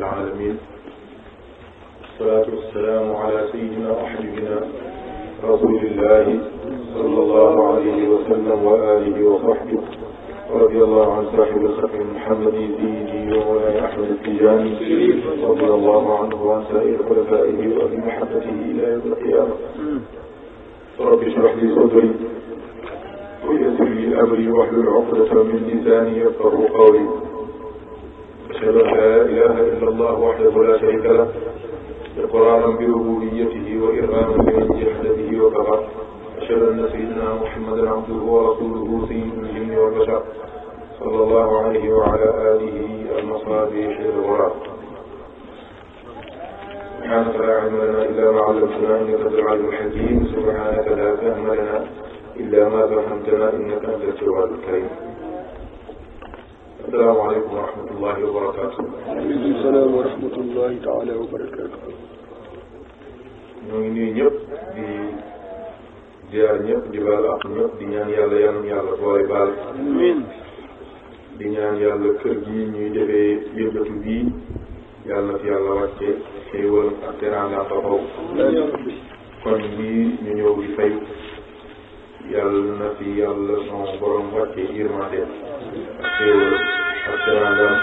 العالمين والصلاة والسلام على سيدنا وحبيبنا رسول الله صلى الله عليه وسلم وآله وصحبه رضي الله عن صاحب الخير محمد زيدي ومولاي أحمد التجاني رضي الله عنه وعن سائر خلفائه وأبي محبته إلى يوم القيامة رب اشرح لي صدري ويسر لي أمري واحلل عقدة من لساني يفقه قولي أشهد أن لا إله إلا الله وحده لا شريك له إقرارا بربوبيته وإرغاما بمجحده وكفر أشهد أن سيدنا محمدا عبده ورسوله سيد الجن والبشر صلى الله عليه وعلى آله المصابيح الغراب سبحانك لا علم لنا إلا ما علمتنا إنك أنت العليم الحكيم سبحانك لا فهم لنا إلا ما فهمتنا إنك أنت الجواد الكريم asalaamaaleykum wa rahmatullahi taala wa barakaatu. ñoo ngi nuyu di ziar di baal ak ñëpp di ñaan yàlla yal na boole baal. amiin. di ñaan yàlla kër gi ñuy defee yëngatu bii yàlla na fi yàlla wàcce xéewal ak teraanga kon bii ñu ñëw di fay. yàlla na fi yàlla son borom wàcce irma ak xéewal ak teraangam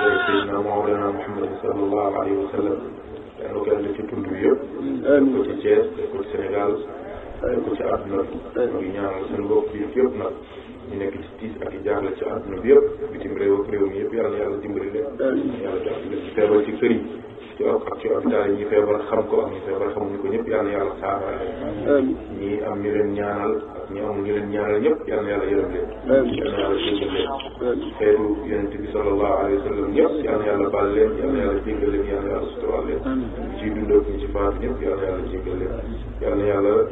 léegi Seydina Mawlana Muhammad sallallahu alayhi wa sallam def ko kenn ci tund bi yëpp def ko ci Thiès def ko ci Sénégal def ko ci àdduna bi ñu ngi ñaanal seen bopp bi yëpp nag ñu nekk ci tiis ak jaaxle ci àdduna bi yëpp bitim réew ak réew mi yëpp yàlla yàlla dimbali leen yàlla jàppale ci feebar ci kër yi ci wàllu ci hôpital yi ñi feebar xam ko ak ñi feebar xamuñu ko ñëpp yal na yàlla saafara leen ñi am ñu leen ñaanal ak ñi amul ñu na yàlla yërëm leen yal na yàlla jéggal leen xeetu yonent bi sallallahu alayhi wa sallam ñëpp yal na yàlla baal leen yal na yàlla jéggal leen yal na yàlla suturaal leen na kanam kanam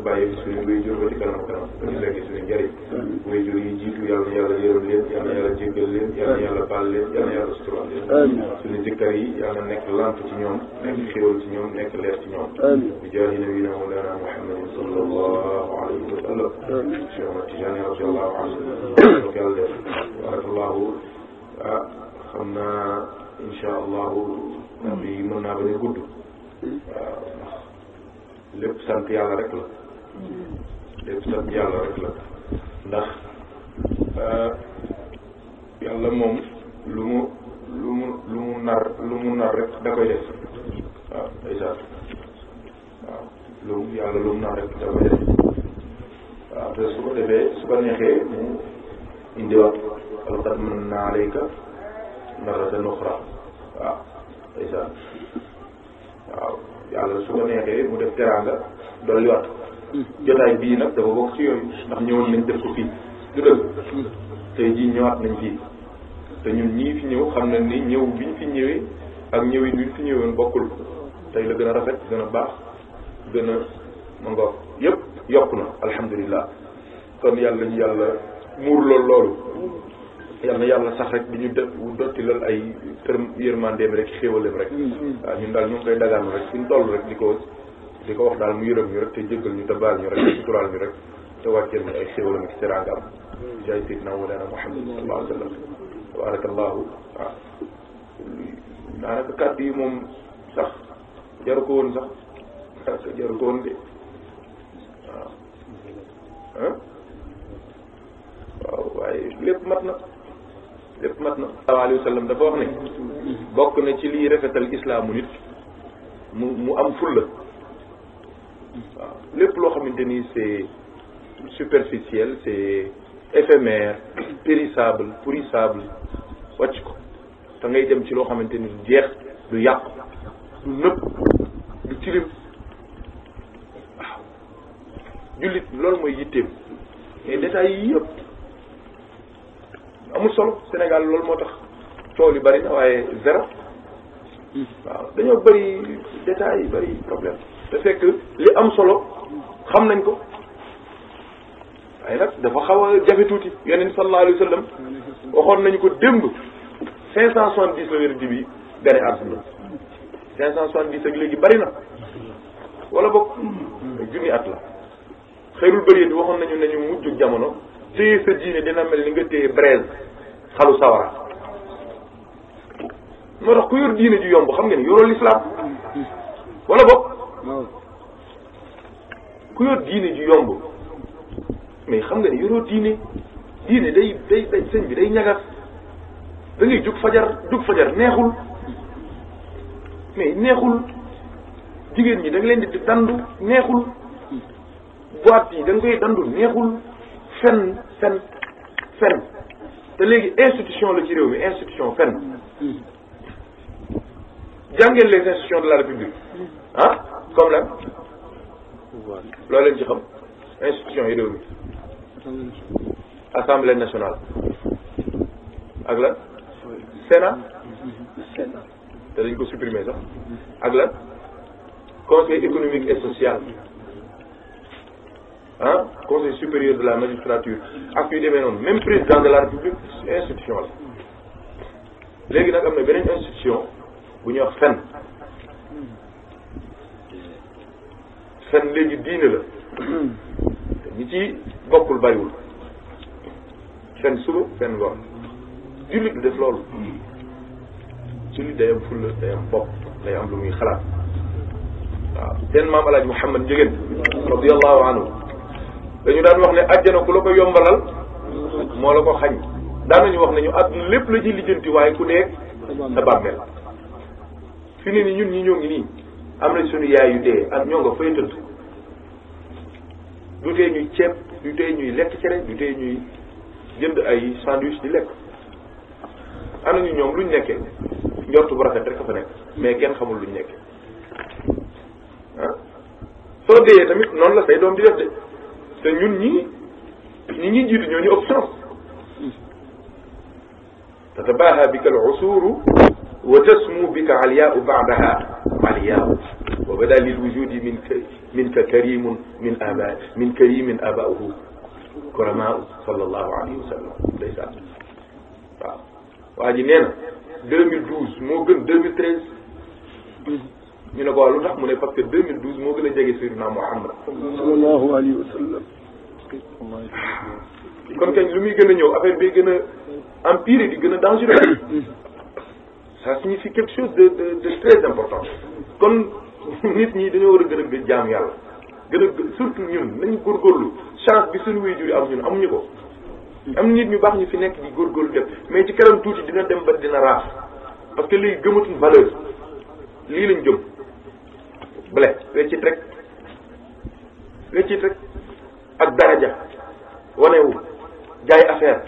ba ñu fekk suñu njëriñ wéyjur yi jiitu yal na yàlla yërëm leen yal na yàlla jéggal leen yal na yàlla baal leen yal na yàlla suturaal leen suñu jëkkër yi yal na nekk lamp ci ñoom ñoom nekk xéwal ci ñoom nekk leer ci ñoom alayhi wa sallam Cheikh Ahmad Tijani radiallahu anhu ko yàlla def barakallahu ah xam naa insha allahu bi mën naa bañ a gudd ah, ndax lépp sant yàlla rek la nar lu nar rek waaw dèjà waaw loolu yàlla loolu naa rek dafay def waaw te su ko defee su ko neexee mu indiwaat alxat mën naa alayka marratan uxra waaw dèjà waaw yàlla su ko neexee mu def teraanga dolliwaat jotaay bii nag dafa bokk ci yooyu ndax ñëwoon nañ def ko fii du dëgg tey jii ñëwaat nañ fii te ñun ñii fi ñëw xam nañ ni ñëw bi ñu fi ñëwee ak ñëwin bi ñu fi ñëwoon bokkul tey la gën a rafet gën a baax gën a ma ngoog yëpp na alhamdulillah kon yàlla ñu yàlla muur lool loolu yàlla na yàlla sax rek bi ñu dë dotti lal ay tërm yërmandeem rek xéewaleem rek mm-hmm. waaw ñun daal ñu ngi koy dagaanu rek suñ toll rek di ko di ko wax daal mu yërëm ñu rek te jéggal ñu te baal ñu rek te suturaal ñu rek te wàcceel ñu ay xéewalam ak teraanga am jaay sidna walana muhammad sallallahu alayhi wa sallam tabaraka allahu waaw daanaka kàddu yi moom sax jaru ko woon sax parce que jaru ko woon de waaw waaw waaye lépp mat na lépp mat na sallallahu alayhi dafa wax ne bokk na ci liy rafetal islaamu nit mu mu am fulla waaw lépp loo xamante ni c'est superficiel c'est éphémère périssable pourrissable wàcc ko te dem ci loo xamante ni du jeex du yàqu du nëb du tilim jullit loolu mooy yitteem mais détails yi yëpp amul solo Sénégal loolu moo tax coow li bari na waaye zéro waaw dañoo bari détails yi bari problème te fekk li am solo xam nañ ko waaye nag dafa xaw a jafe tuuti yeneen sallallahu alayhi wa sallam waxoon nañu ko démb cinq cent soixante dix la wér di bi gane àdduna cinq cent soixante-dix ak léegi bari na wala boog at la xëyrul bëri di waxoon nañu nañu mujj jamono téye sa diine dina mel ni nga t braise xalu sawara moo tax ku yor diine ju yomb xam nga ne yoroo lislaam wala boog ku yor diine ju yomb mais xam nga ne yoroo diine diine day day day sëñ bi day ñagas da ngay jug fajar jug fajar neexul mais neexul jigéen ñi da nga leen di dandu neexul boîte yi da nga koy dandu neexul fen fen fen te léegi institution la ci réew mi institution fen jàngeen de la république ah comme lan loo leen ci xam institution yi réew mi assemblée nationale ak la sénat te dañ ko supprimer sax ak la conseil économique et social ah conseil supérieur de la magistrature ak yu demee noonu même président de la république institution la léegi nag am na beneen institution bu ñuy wax fen fen léegi diine la te ñi ci bokkul bariwul fen suba fen ngoon jullit bi def loolu su nit day am fulla day am bopp day am lu muy xalaat waaw seen maam alaaj Mouhamad Ndiéguène radiallahu anhu dañu daan wax ne àjjana ku la ko yombalal moo la ko xañ daanañu wax nañu ñu àdduna lépp la ci lijjanti waaye ku dee sa bàmmeel fi ne ni ñun ñi ñoo ngi nii am na suñu yaay yu dee ak ñoo nga fay tëdd du tee ñuy ceeb du tee ñuy lekk cere du tee ñuy jënd ay sandwich di lekk am na ñu ñoom luñ nekkee njortu bu rafet rek fa nekk mais kenn xamul luñ nekk ah soo déyee tamit noonu la say doom di def de te ñun ñi ñi ñuy jiitu ñoo ñu ëpp chance tatabaaha bika al usuru wa tasmu bika alyaau baadaha alyaau wa bada lil wujudi min ka min ka karimun min aba min karimin abauhu kuramaau sallallahu alayhi wa sallam ndeysaan waaw waa ji nee na 2012 moo gën 2013 ñu ne ko lu tax mu ne parce que 2012 moo gën a jege Seydina Muhammad sallallahu alayhi wa sallam kon kañ lu muy gën a ñëw affaire bi gën a empiré i gën a dangereux si signifie quelque chose de de de très important kon nit ñi dañoo war a gën bi jaam yàlla gën a surtout ñun nañ góorgóorlu chance bi suñu wéy jur am ñun amuñu ko am na nit ñu baax ñu fi nekk di góorgóorlu def mais ci kanam tuuti dina dem ba dina raaf parce que lii gëmatuñ valeur lii lañ jëm blé weccit rek weccit rek ak daraja wu jaay affaire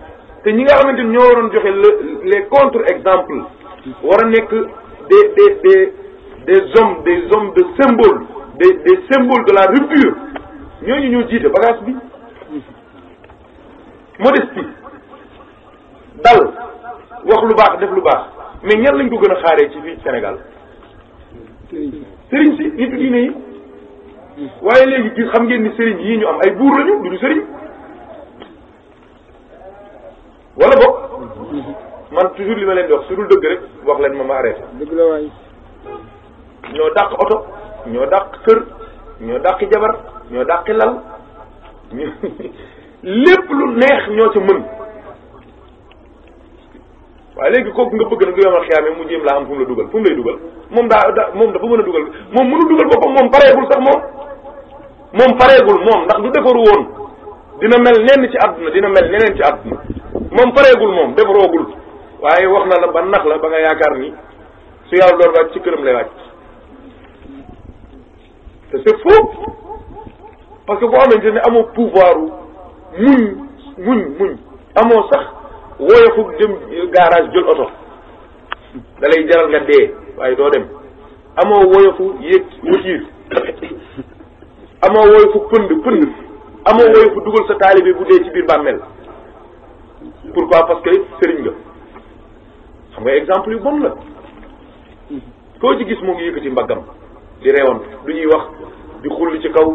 te ñi nga xamante ni ñoo waroon joxe le les contre exemples war a nekk des des des des hommes des hommes de symbole des des symboles de la rupture ñooñu ñoo jiite bagage bi modestie dal wax lu baax def lu baax mais ñan lañ ko gën a xaaree ci fii Sénégal sëriñ si nitu diine yi waaye léegi xam ngeen ni sëriñ yii ñu am ay buur lañu duñu sëriñ wala boog man toujours li ma di wax su dul dëgg rek wax leen ma ma arrêté. dëgg la waay. ñoo dàq oto ñoo dàq kër ñoo dàq jabar ñoo dàq lal lépp lu neex ñoo ca mën waaye léegi kooku nga bëgg nag yomal xiyaame mu jéem laa am fu mu la dugal fu mu lay dugal moom daa da moom dafa mën a dugal moom mënu dugal boppam moom pareegul sax moom moom pareegul moom ndax du defaru woon dina mel nenn ci àdduna dina mel neneen ci àdduna moom pareegul moom defaroogul waaye wax na la ba nax la ba nga yaakaar ni su yàlla door wàcc ci këram lay wàcc te c'est faux parce que boo xamante ne amoo pouvoir muñ muñ muñ amoo sax woyofu dem garage jël oto da jaral nga dee waaye doo dem amoo woyofu yéeg wutiir amoo woyofu pënd pënd amoo woyofu dugal sa taalibe bu dee ci biir bàmmeel pourquoi parce que sëriñ nga xam nga exemple yu bon la koo ci gis moo ngi yëkkati mbaggam di reewoon du ñuy wax di xulli ci kaw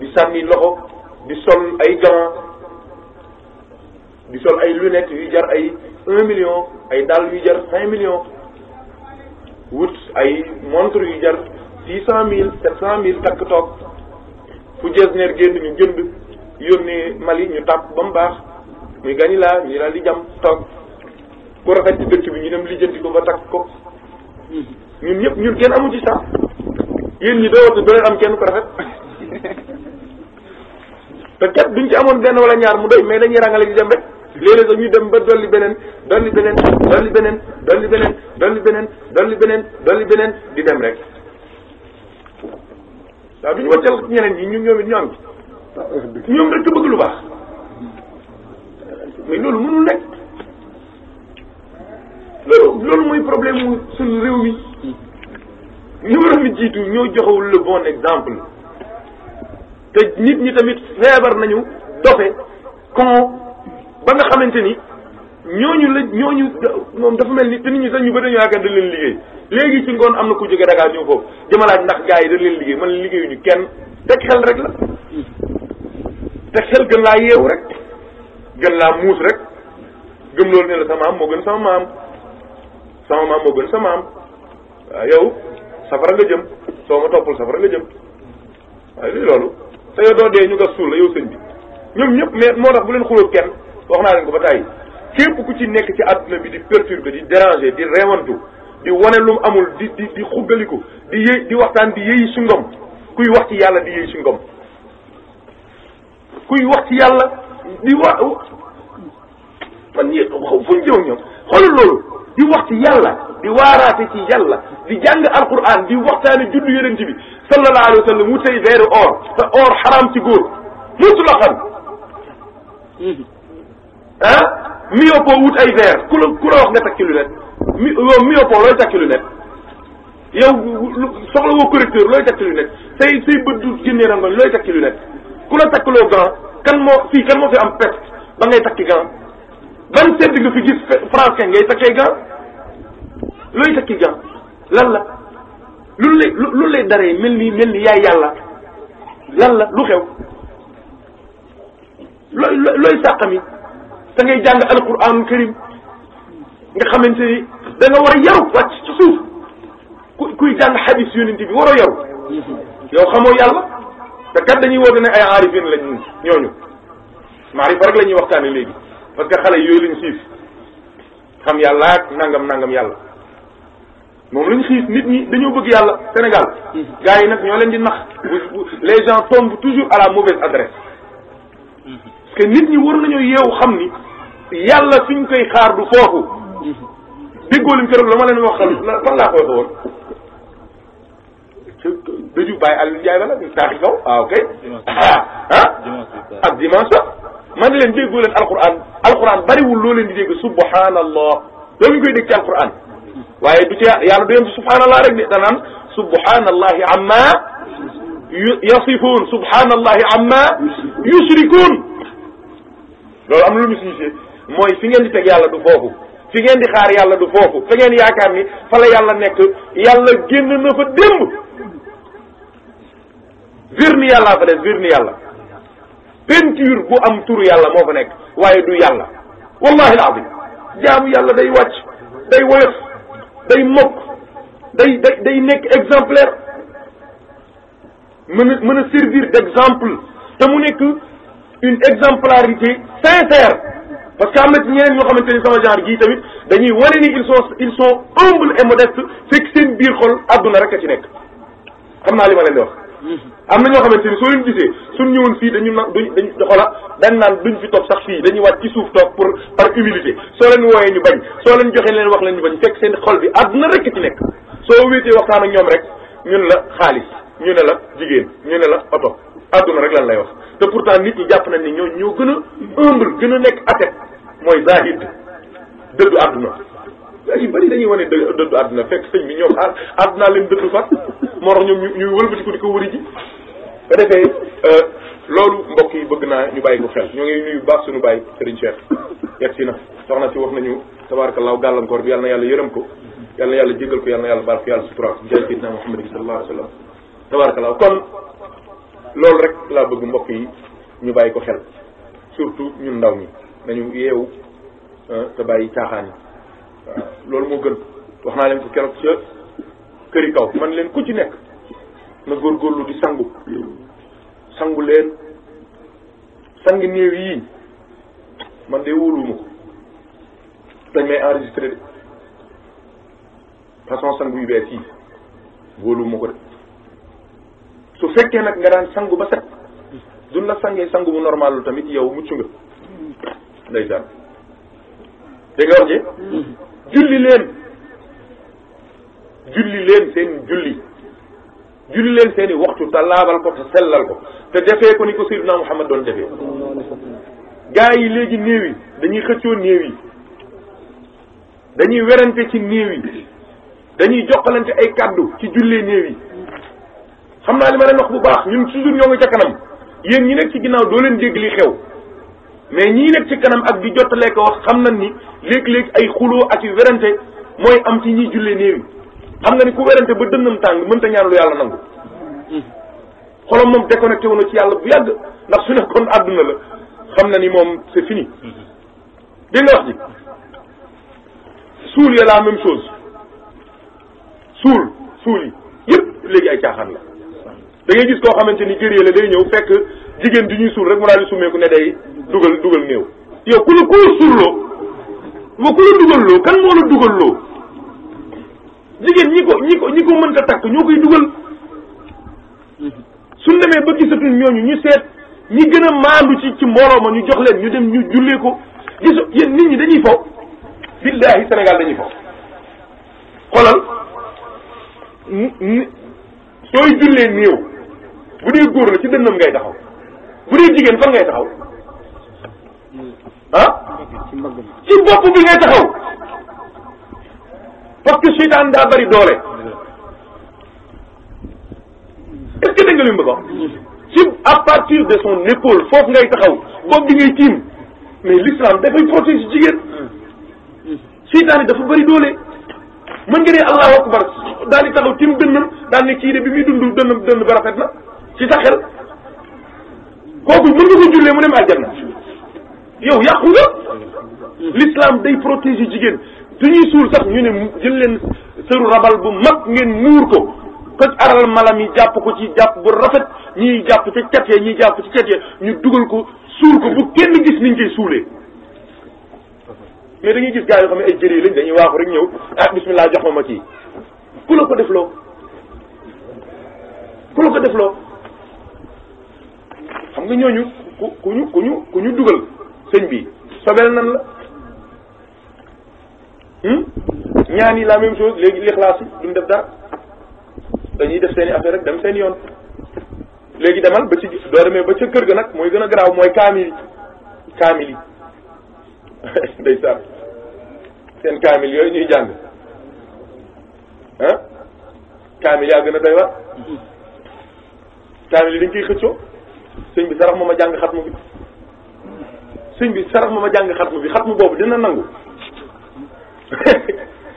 di sànni loxo di sol ay gants di sol ay lunettes yu jar ay un million ay dàll yu jar cinq millions wut ay montre yu jar six cent mille sept cent mille takk toog fu jesner génn ñu jënd yónnee Mali ñu tàpp ba mu baax muy gani laa ñu daal di jam toog ku rafet dëkk bi ñu dem lijjanti ko ba takk ko hmm. ñun ñëpp ñun kenn amu ci sax yéen ñi doo watu doo leen am kenn ko rafet te kat duñ ci amoon benn wala ñaar mu doy mais dañuy rangale di dem rek léeg-léeg sax ñu dem ba dolli beneen dolli beneen dolli beneen dolli beneen dolli beneen dolli beneen dolli beneen di dem rek waaw duñu wàccal ñeneen ñi ñu ñoom it ñu am ci ñoom rek bëgg lu baax mais loolu mënul nekk loolu loolu mooy problème mu suñu réew mi ñu war mi jiitu ñoo joxewul le bon exemple nit ñi tamit feebar nañu dofe kon ba nga xamante ni ñooñu la ñooñu moom dafa mel ni te nit ñi sax ñu bëri dañoo yaakaar dañ leen liggéey léegi ci ngoon am na ku jóge Dakar ñëw foofu jëmalaaj ndax gars yi dañ leen liggéey man liggéeyuñu kenn teg xel rek la teg xel gën laa yeewu rek gën laa muus rek gëm loolu ne la sama am moo gën sama maam sama maam moo gën sama maam yow safara nga jëm soo ma toppul safara nga jëm waaye lii loolu te yow doo dee ñu gas suul la yow sëñ bi ñoom ñëpp mais moo tax bu leen xuloo kenn wax naa leen ko ba tàyyi képp ku ci nekk ci àdduna bi di perturber di déranger di reewantu di wane lu amul di di di xuggaliku di yëy di waxtaan di yëyi si ngom kuy wax ci yàlla di yëy si ngom kuy wax yàlla di wax man yéen fu ñu jëw ñoom di wax ci yàlla di waaraate ci yàlla di jàng alquran di waxtaane juddu yeneen ci sallallahu alayhi wa sallam wutey weeru or te or xaraam ci góor mutlaqan ah mieux vaut wut ay weer ku la ku nga takki lunette mi mieux vaut looy takki lunette yow soxla woo correcteur looy takki lunette say say bët du génnee rangoñ looy takki lunette ku la takkloo gant kan moo fii kan moo fi am peste ba ngay takki gant ban sedd fi gis français ngay takkee gant looy takki gant lan la lu lay lu lay daree mel ni mel ni yaay yàlla lan lu xew looy looy sàqami da ngay jàng alquranul karim nga xamante ni da nga war yaru wàcc ci suuf ku kuy jàng xadis yonente bi waroo yaru yow xamoo yàlla te kat dañuy woote ne ay aarifin lañ ñooñu maarifa rek la ñuy waxtaane léegi parce que xale yooyu lañ siif xam yàlla ak nangam nangam yàlla moom lañu xiis nit ñi dañoo bëgg yàlla Sénégal gars yi nag ñoo leen di nax les gens tombent toujours à la mauvaise adresse parce que nit ñi waru nañoo yeewu xam ni yàlla suñ koy xaar du foofu déggoo lim keroog la ma leen wax la fan laa koy waxee woon daju bàyyi Aliou bala taaxi kaw ah ok ah, ah. dimanche sax man leen déggoo leen alquran alquran bariwul loo leen di dégg subhanallah loolu ñu koy dégg ci alquran waaye du ci yàlla du yem ci subhaanallah rek de danaan subhaanallahi amma yasifuun subhaanallahi amma yushrikuun loolu am na lu mu signifie mooy fi ngeen di teg yàlla du foofu fi ngeen di xaar yàlla du foofu fa ngeen yaakaar ni fa la yàlla nekk yàlla génn na fa démb verni yàllaa fa des verni yàlla peinture bu am turu yàlla moo fa nekk waaye du yàlla wallahi alazim jaamu yàlla day wàcc day woyof day mokk day day day nekk exemplaire mën a mën a servir d'exemple te mu nekk une exemplarité sincère parce que am na ci ñeneen ñoo xamante ni sama genre gii tamit dañuy wane ni ils sont ils sont humbles et modestes fekk seen biir xol àdduna rek a ci nekk xam naa li ma leen di wax am na ñoo xamante ni soo leen gisee suñ ñëwoon fii dañu na duñ dañ xoola dañ naan duñ fi toog sax fii dañuy wàcc ci suuf toog pour par humilité soo leen wooyee ñu bañ soo leen joxee leen wax leen ñu bañ fekk seen xol bi àdduna rekk ci nekk soo wéetee waxtaan ak ñoom rek ñun la xaalis ñu ne la jigéen ñu ne la oto àdduna rek lan lay wax te pourtant nit ñi jàpp nañ ne ñoo ñoo gën a humble gën a nekk atet mooy zahid dëddu àdduna ay yu bëri dañuy wane dëddu àdduna fekk sëñ bi ñoom àdduna leen dëddu fa moo tax ñoom ñuy wëlbatiku di ko wëri ji te defee euh, loolu mbokk yi bëgg naa ñu bàyyi ko xel ñoo ngi nuyu baax suñu bàyyi sëriñ Cheikh yegg si na soxna si wax nañu tabaarakallaah gàllankoor bi yàlla yàlla yërëm ko yàlla yàlla jégal ko yàlla na yàlla baal ko yàlla sutura jaay sayyidina Muhammad sallallahu alayhi wa sallam kon loolu rek laa bëgg mbokk yi ñu bàyyi ko xel surtout ñun ndaw ñi nañu yeewu euh, te yi loolu moo gën wax naa leen ko keroog ca këri kaw man leen ku ci nekk na góorgóorlu di sangu sangu leen sang néew yii man de wóoluwuma ko dañ may enregistré de façon sangu yu bees yi wóoluwuma ko de su fekkee nag nga daan sangu ba set duñ la sangee sangu bu normal lu tamit yow mucc nga ndeysaan dégg nga julli leen julli leen seen julli julli leen seen i waxtu te ko te sellal ko te defee ko ni ko Seydina Muhammad doon defee gaa yi léegi néew yi dañuy xëccoo néew yi dañuy werante ci néew yi dañuy jokkalante ay kàddu ci jullee néew yi xam naa li ma leen wax bu baax ñun toujours ñoo ngi ca kanam yéen ñi nekk ci ginnaaw doo leen dégg li xew mais ñii nekk ci kanam ak di jottalee ko wax xam nañ ni léeg-léeg ay xuloo ak yu werante mooy am ci ñiy jullee néew xam nga ni ku werante ba dënnam tàng mënta ñaan lu yàlla nangu xolom moom déconnecté wu na ci yàlla bu yàgg ndax su nekkoon àdduna la xam na ni moom c'est fini dégg nga wax ji suul ya la même chose suul suul yi yëpp léegi ay caaxaan la da ngay gis koo xamante ni gëree la day ñëw fekk jigéen di ñuy suul rek mu daal summeeku ne day dugal dugal néew yow ku la ku la surloo ma dugal loo kan moo la dugal loo jigéen ñi ko ñi ko ñi ko mënta takk ñoo koy dugal suñ demee ba gisatul ñooñu ñu seet ñi gën a maandu ci ci mbooloo ma ñu jox leen ñu dem ñu jullee ko gisu nit ñi dañuy faw billahi Sénégal dañuy faw xoolal sooy jullee néew bu dee góor la ci a ngay taxaw bu dee jigéen fan ngay taxaw ah ci bopp bi ngay taxaw parce que seytaan daa bari doole est-ce que dégg nga li mu bëgg ci à partir de son épaule foofu ngay taxaw bopp bi ngay tiim mais l'islam dafay protéger jigéen seytaan yi dafa bari doole mën nga ne allahu akbar daal di taxaw tiim dënnam daal ne kii bi muy dund dënn dënn ba rafet na ci sa xel kooku mën nga ko jullee mu dem aljanna yow yàqu nga l'islam day protéger jigéen du ñuy suul sax ñu ne jël leen sëru rabal bu mag ngeen muur ko toj aral malam yi jàpp ko ci jàpp bu rafet ñuy jàpp ca cat ya jàpp ci cat ñu dugal ko suul ko bu kenn gis niñ koy suulee mais dañuy gis gars yoo xam ne ay jëri lañ dañuy waaxu rek ñëw ah bismillah jox ma ma kii ku la ko def loo ku la ko def loo xam nga ñooñu ku ku ñu ku ñu ku ñu dugal sëñ bi sobel nan la hmm? ñaan yi la même chose léegi lixlaas yi duñ def dara dañuy def seen i affaire rek dem seen yoon léegi demal ba ci doo demee ba ci kër ga nag mooy gën a garaaw mooy kaamil yi kaamil yi ndeysaan seen kaamil yooyu ñuy jàng ah kaamil yaa gën a doy war kaamil yi dañ koy xëccoo sëñ bi sarax moom a jàng xat mu bi sëñ bi sarax ma ma jàng xatmu bi xatmu boobu dina nangu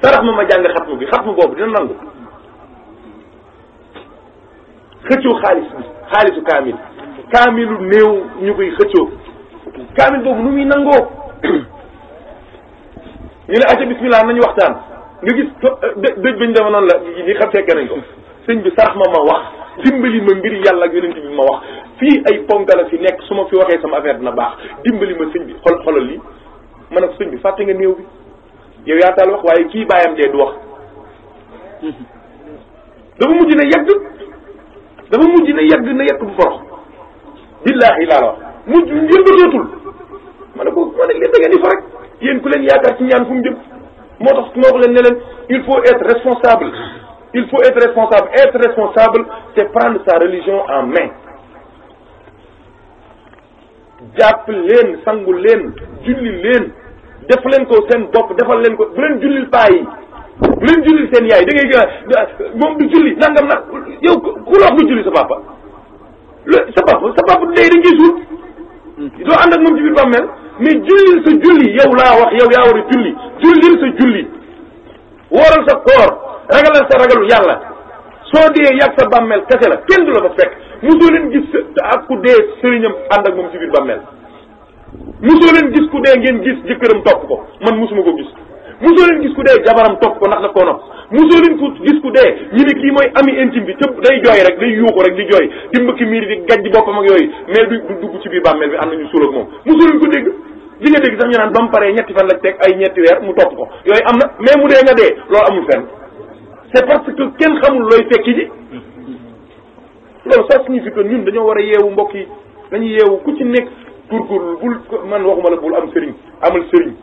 sarax ma ma jàng xatmu bi xatmu boobu dina nangu xëccoo xaalis bi xaalisu kaamil kaamilu néew ñu koy xëccoo kaamil boobu nu muy nangoo ñu ne acca bismillah nañu waxtaan nga gis dëj bañ dama la fekke nañ ko sëñ bi sarax ma ma wax dimbali ma mbir yàlla ak yonent ma wax fii ay la fi nekk su ma fi waxee sama affaire dina baax dimbali ma sëñ bi xol xolal lii man ak sëñ bi fàtte nga néew bi yow yaataal wax waaye kii bàyyam dee du wax dafa mujj na yegg dafa mujj na yegg na yegg bu forox billaahi laa la wax mujj yëngatootul ma ne ko ma ne leen da ngeen leen yaakaar ci ñaan fu mu jëm moo tax ko leen leen il faut être responsable il faut être responsable être responsable c'est prendre sa religion en main jàpp leen sangu leen julli leen def leen ko seen bopp defal leen ko bu leen jullil paa bu leen jullil seen yaay da ngay gën moom du julli nangam nag yow ku la wax nga julli sa papa l sa papa sa papa day da ngay suut doo ànd ak moom ci bàmmeel mais jullil sa julli yow laa wax yow yaa war a julli jullil sa julli wooral sa koor ragalal sa ragalu yàlla soo dee yàgg sa bàmmeel kese la kenn du la fa fekk mosoo leen gis ak ku dee sëriñam ànd ak moom ci biir bàmmeel mosoo leen gis ku dee ngeen gis jëkkëram topp ko man mosuma ko gis mosoo leen ku dee jabaram topp ko ndax daf koo nopp mosoo leen ku gis ku dee ñu ne kii mooy ami bi cëpp day jooy rek day yuuxu rek di jooy di mbëkki miir di gajj boppam ak yooyu mais du dugg ci biir bàmmeel bi am nañu suul ak moom mosoo leen ko dégg di nga dégg sax ñu ba mu paree ñetti fan la teg ay ñetti weer mu topp ko yooyu am na mais mu dee nga dee loolu amul fenn c'est parce que kenn xamul looy fekki ji loolu ça signifie que ñun dañoo war a yeewu mbokk yi dañu yeewu ku ci nekk góorgóorlu bul man waxuma la bul am sëriñ amal sëriñ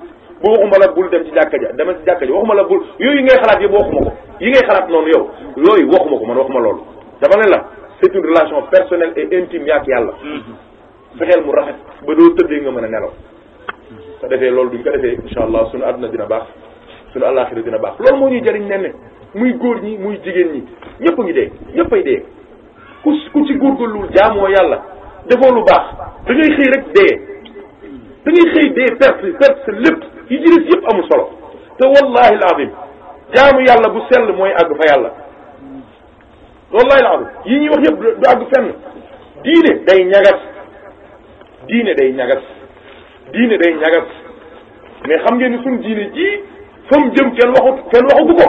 bu waxuma la bul dem ci jàkka ja demal ci jàkka ja waxuma la bul yooyu ngay xalaat yëpp waxuma ko yi ngay xalaat noonu yow yooyu waxuma ko man waxuma loolu dama ne la c'est une relation personnelle et intime yaa ak yàlla fexeel mu rafet ba doo tëddee nga mën a nelaw te defee loolu duñ ko defee incha allah suñu àdduna dina baax suñu àllaaxira dina baax loolu moo ñuy jëriñ ne muy góor ñi muy jigéen ñi ñëpp a ngi ay dee ku ku ci góorgóorlu jaamoo yàlla defoo lu baax da ngay xëy rek dee da ngay xëy dee perte perte sa lépp yi ci des yëpp amul solo te wallahi alazim jaamu yàlla bu sell mooy àgg fa yàlla wallahi alazim yi ñuy wax yëpp du àgg fenn diine day ñagas diine day ñagas diine day ñagas mais xam ngeen ni suñ diine ji fa mu jëm kenn waxu kenn waxu ko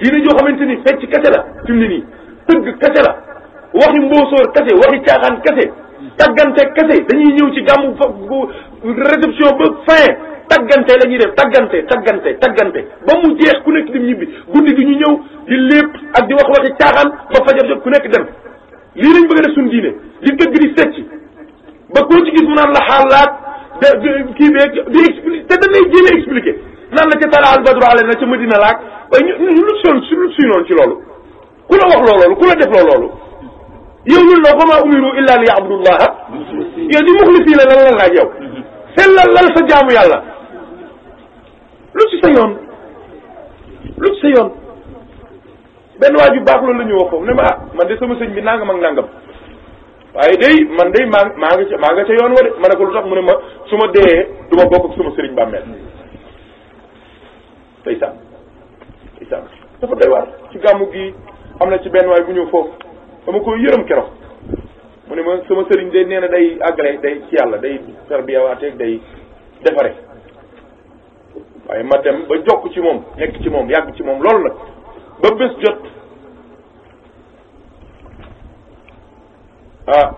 diine joo xamante ni fecc kese la fi mu ne nii tëgg kese la wax waxi mbóosóor kese waxi caaxaan kese taggante kese dañuy ñëw ci gàmmu réception ba fin taggante la ñuy def taggante taggante taggante ba mu jeex ku nekk dem ñibbi guddi gi ñu ñëw di lépp ak di wax waxi caaxaan ba fajar jot ku nekk dem lii lañ bëgg a def suñu li dëgg tëgg di secc ba koo ci gis mu naan la xaalaat de kii bee di expliqué te dañ lay jéem a expliqué naan la ca tara albadro ale na ca Madina laak waaye ñu ñu lu soon lu suy ci loolu ku la wax loo loolu ku la def loolu yow ñun loo ma maa umiru illa li ya'budullaha yow di muxlisiina lan la laaj yow sellal lal sa jaamu yàlla lu ci sa yoon lu ci sa yoon benn waa la ñu wax foofu ne ma ah man de sama sëñ bi nangam ak nangam day man day maa maa nga ca maa nga yoon wa de ma ne ko ma su ma dee du ma bokk ak suma sëriñ bàmmeel tey saan tey saan dafa ci gàmmu gi am na ci benn waay bu ñëw foofu dama ko yërëm keroog mu ne ma sama sëriñ day nee na day àggale day ci yàlla day tarbiyawaate day defare waaye ma dem ba jokk ci moom nekk ci moom yàgg ci moom loolu na ba bés jot ah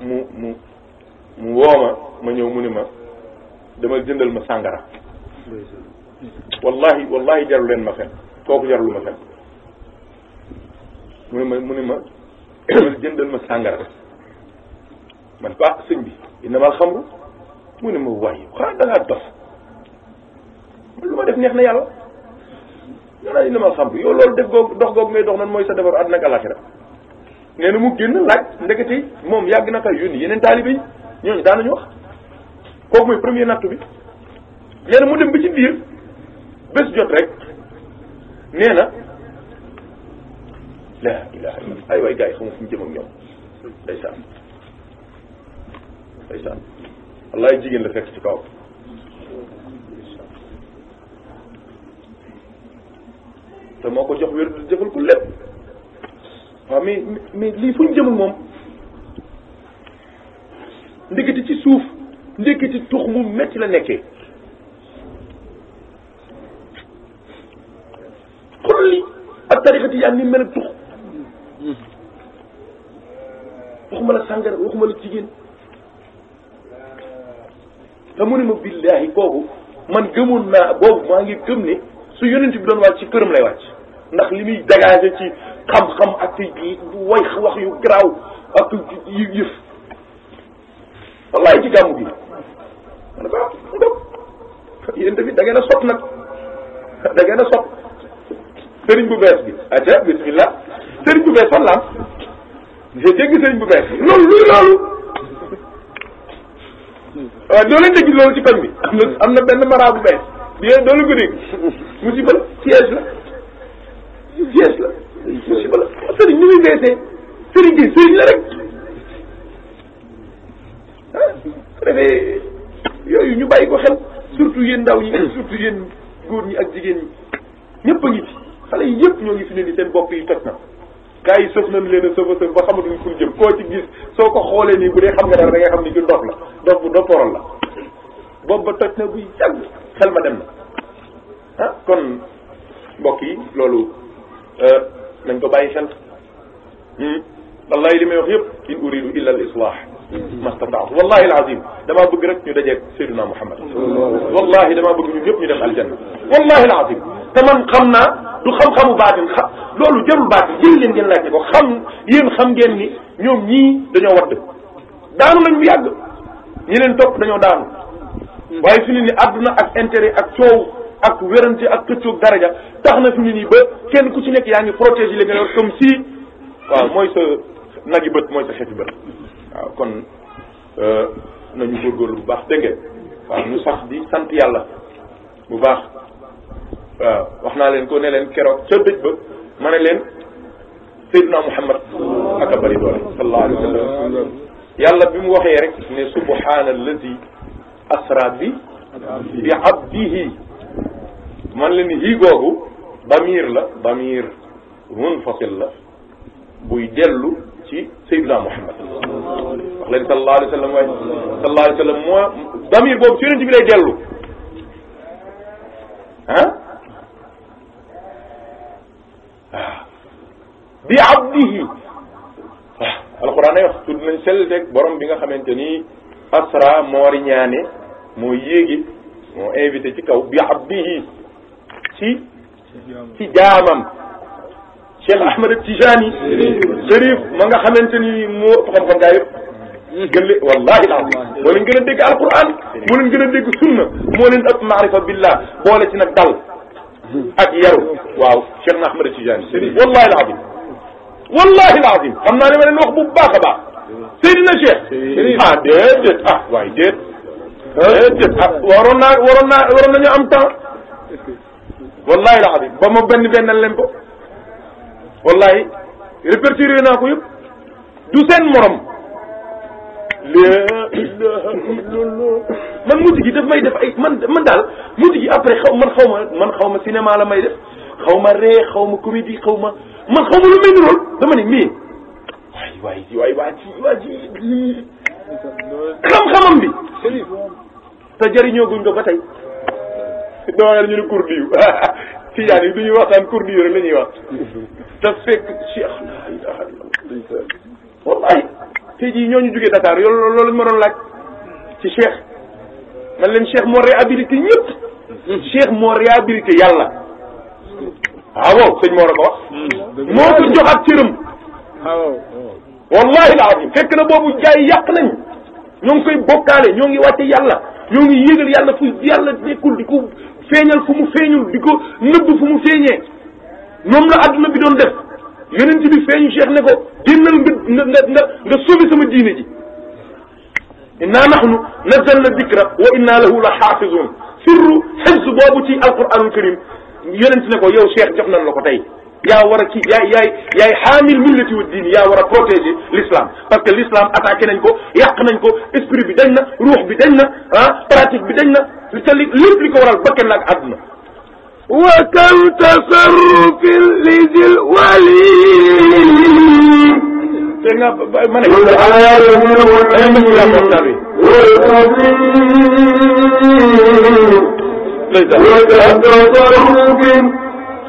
mu mu mu wooma ma ñëw mu ni ma damal jëndal ma sàngara wallahi wallahi jarul leen ma fen kooku jarul ma fen mu ne ma mu ne ma jëndal ma sàngara man ba sëñ bi dina ma xamru mu ne ma waay xanaa da ngaa dof lu ma def neex na yàlla nga naan dina ma xamru yow loolu def googu dox googu ngay dox nan mooy sa defaru àdduna ak àllaaxira mu génn laaj ndekete moom yàgg na kay yónni yeneen taalibe yi ñooñu wax kooku mooy premier nattu bi nee na mu dem ba ci biir bés jot rek nee la ilaha ay waay gars yi xamul fu jëm ak ñoom ndeysaan ndeysaan wallaay jigéen la fekk ci kaw te moo ko jox wér jëfal ko lépp waaw mais mais lii fu jëm ak moom ndekete ci suuf ndekete tux mu metti la nekkee xool li ak tarixa tijaan ni mel tux waxuma la sàngara waxuma la jigéen te mu ne ma billaahi kooku man gëmoon naa boobu maa ngi gëm ne su yonent bi doon wàcc ci këram lay wàcc ndax li muy dégagé ci xam-xam ak way wax yu garaaw ak yu yëf wallaay ci gàmmu gi ma ne ko ah yéen sot nag da ngeen sot sëriñ bu bees bi aja bismillah sëriñ bu bees fan la bu loolu luy loolu waaw doo leen dégg loolu ci koñ bi am na am na benn mara bu bees yooyu doo leen ko dégg musiba la siège la siège la musiba la waaw oh, ni muy beesee sëriñ la rek ah su defee yooyu ñu bàyyi ko xel surtout yéen ndaw ñi surtout yéen góor ñi ak jigéen ñi ñëpp a ngi fi xale yi ñoo ngi fi ni seen bopp yi toj na gars yi sëf nañ leen a sëf a sëf ba xamatuñ fu ñu jëm koo gis soo ko xoolee nii bu dee xam nga dara da ngay xam ni ci ndox la ndox bu ndoxoroon la boobu ba toj na bu yàgg xel ma dem na ah kon mbokk yi loolu euh, nañ ko bàyyi xel hmm? wallahi li may wax yëpp in uridu illa al islah mastataaw wallahi alazim damaa bëgg rek ñu dajeeg Seydina Muhammad wallahi damaa bëgg ñun ñëpp ñu dem aljanna wallahi alazim te man xam naa du xam-xamu baatin xam loolu jarul baatin jël leen ngeen laajte ko xam yéen xam ngeen ni ñoom ñii dañoo wadd daanu nañ bu yàgg ñi leen topp dañoo daanu waaye fi ne ni àdduna ak intérêt ak coow ak wérante ak këccoog daraja tax na fi ne nii ba kenn ku ci nekk yaa ngi protéger li nga yor comme si waaw mooy sa nag yi bët mooy sa xeeti bët waaw kon euh, nañu góorgóorlu bu baax dégg waaw ñu sax di sant yàlla bu baax waaw wax naa leen kone leen keroog ca dëj ba ma leen Seydina Muhammad ak a bëri doole bi mu waxee rek ne subhaana allazi asra bi bi abdihi man leen hii googu damir la damir munfasil la buy dellu ci Seydina Muhammad wax leen sallallahu alayhi wa sallam waaye sallallahu alayhi wa sallam moo damir boobu ci yonent bi lay dellu ah bi abdihi waaw alquran ay wax tudd nañ sell rek borom bi nga xamante ni asra moori ñaane moo yéegi moo invité ci kaw bi abdihi ci ci jaamam Cheikh Ahmed Tijani Cherif ma nga xamante ni moo ëpp xam-xam gaa yëpp gën le wallahi alazim moo leen gën a dégg alquran moo leen gën a dégg sunna moo leen ëpp maarifa billah boole ci nag dal ak yaru waaw Cheikh na Ahmed Tijani Cherif wallahi alazim wallahi alazim xam naa ne ma leen wax bu baax a baax Seydina Cheikh ah déedéet ah waaye déet déedéet ah waroon naa waroon naa waroon nañu am temps wallahi alazim ba ma benn benn leen ko wallahi répertorié naa ko yëpp du seen morom man mujj gi daf may def ay man man daal mujj gi après xaw man xaw ma man xaw ma cinéma la may def xaw ma ree xaw ma comédie xaw ma man xaw ma lu mel ni lool dama ne mii waay waay ji waay waa ji waa ji xam-xamam bi te jëriñoo guñ ko ba tey doo weer ñu ne cour diw tijaan yi du ñuy waxtaan pour di yore la ñuy wax te fekk Cheikh la wallahi tey jii ñooñu jugee Dakar yo loolu ma doon laaj ci Cheikh man leen Cheikh moo réhabilité ñëpp Cheikh moo réhabilité yàlla waaw ah waaw sëñ Mor a ko wax hmm. moo ko jox ak cëram ah waaw wallahi alazim fekk na boobu jaay yàq nañ ñoo ngi bokkaale ñoo ngi wàcce yàlla ñoo ngi yégal yàlla fu yàlla nekkul di ko feeñal fu mu feeñul di ko nëbb fu mu feeñee moom la adduna bi doon def yonent bi feeñu cheikh ne ko génnal nga nga nga nga sauver sama diine ji inna nahnu nazzalna dikra wa inna lahu la xaafizun sirru xifz boobu ci alquranul karim yonent ne ko yow cheikh jox nan la ko tey yaa war a kii yaay yaay yaay xaamil millati wa diin yaa war a protéger l'islam parce que l'islam attaqué nañ ko yàq nañ ko esprit bi dañ na ruux bi dañ na ah pratique bi dañ na te li lépp li ko waral bakkan la ak àdduna wa kam tasarrufin lidil wali te nga ma ne ay ma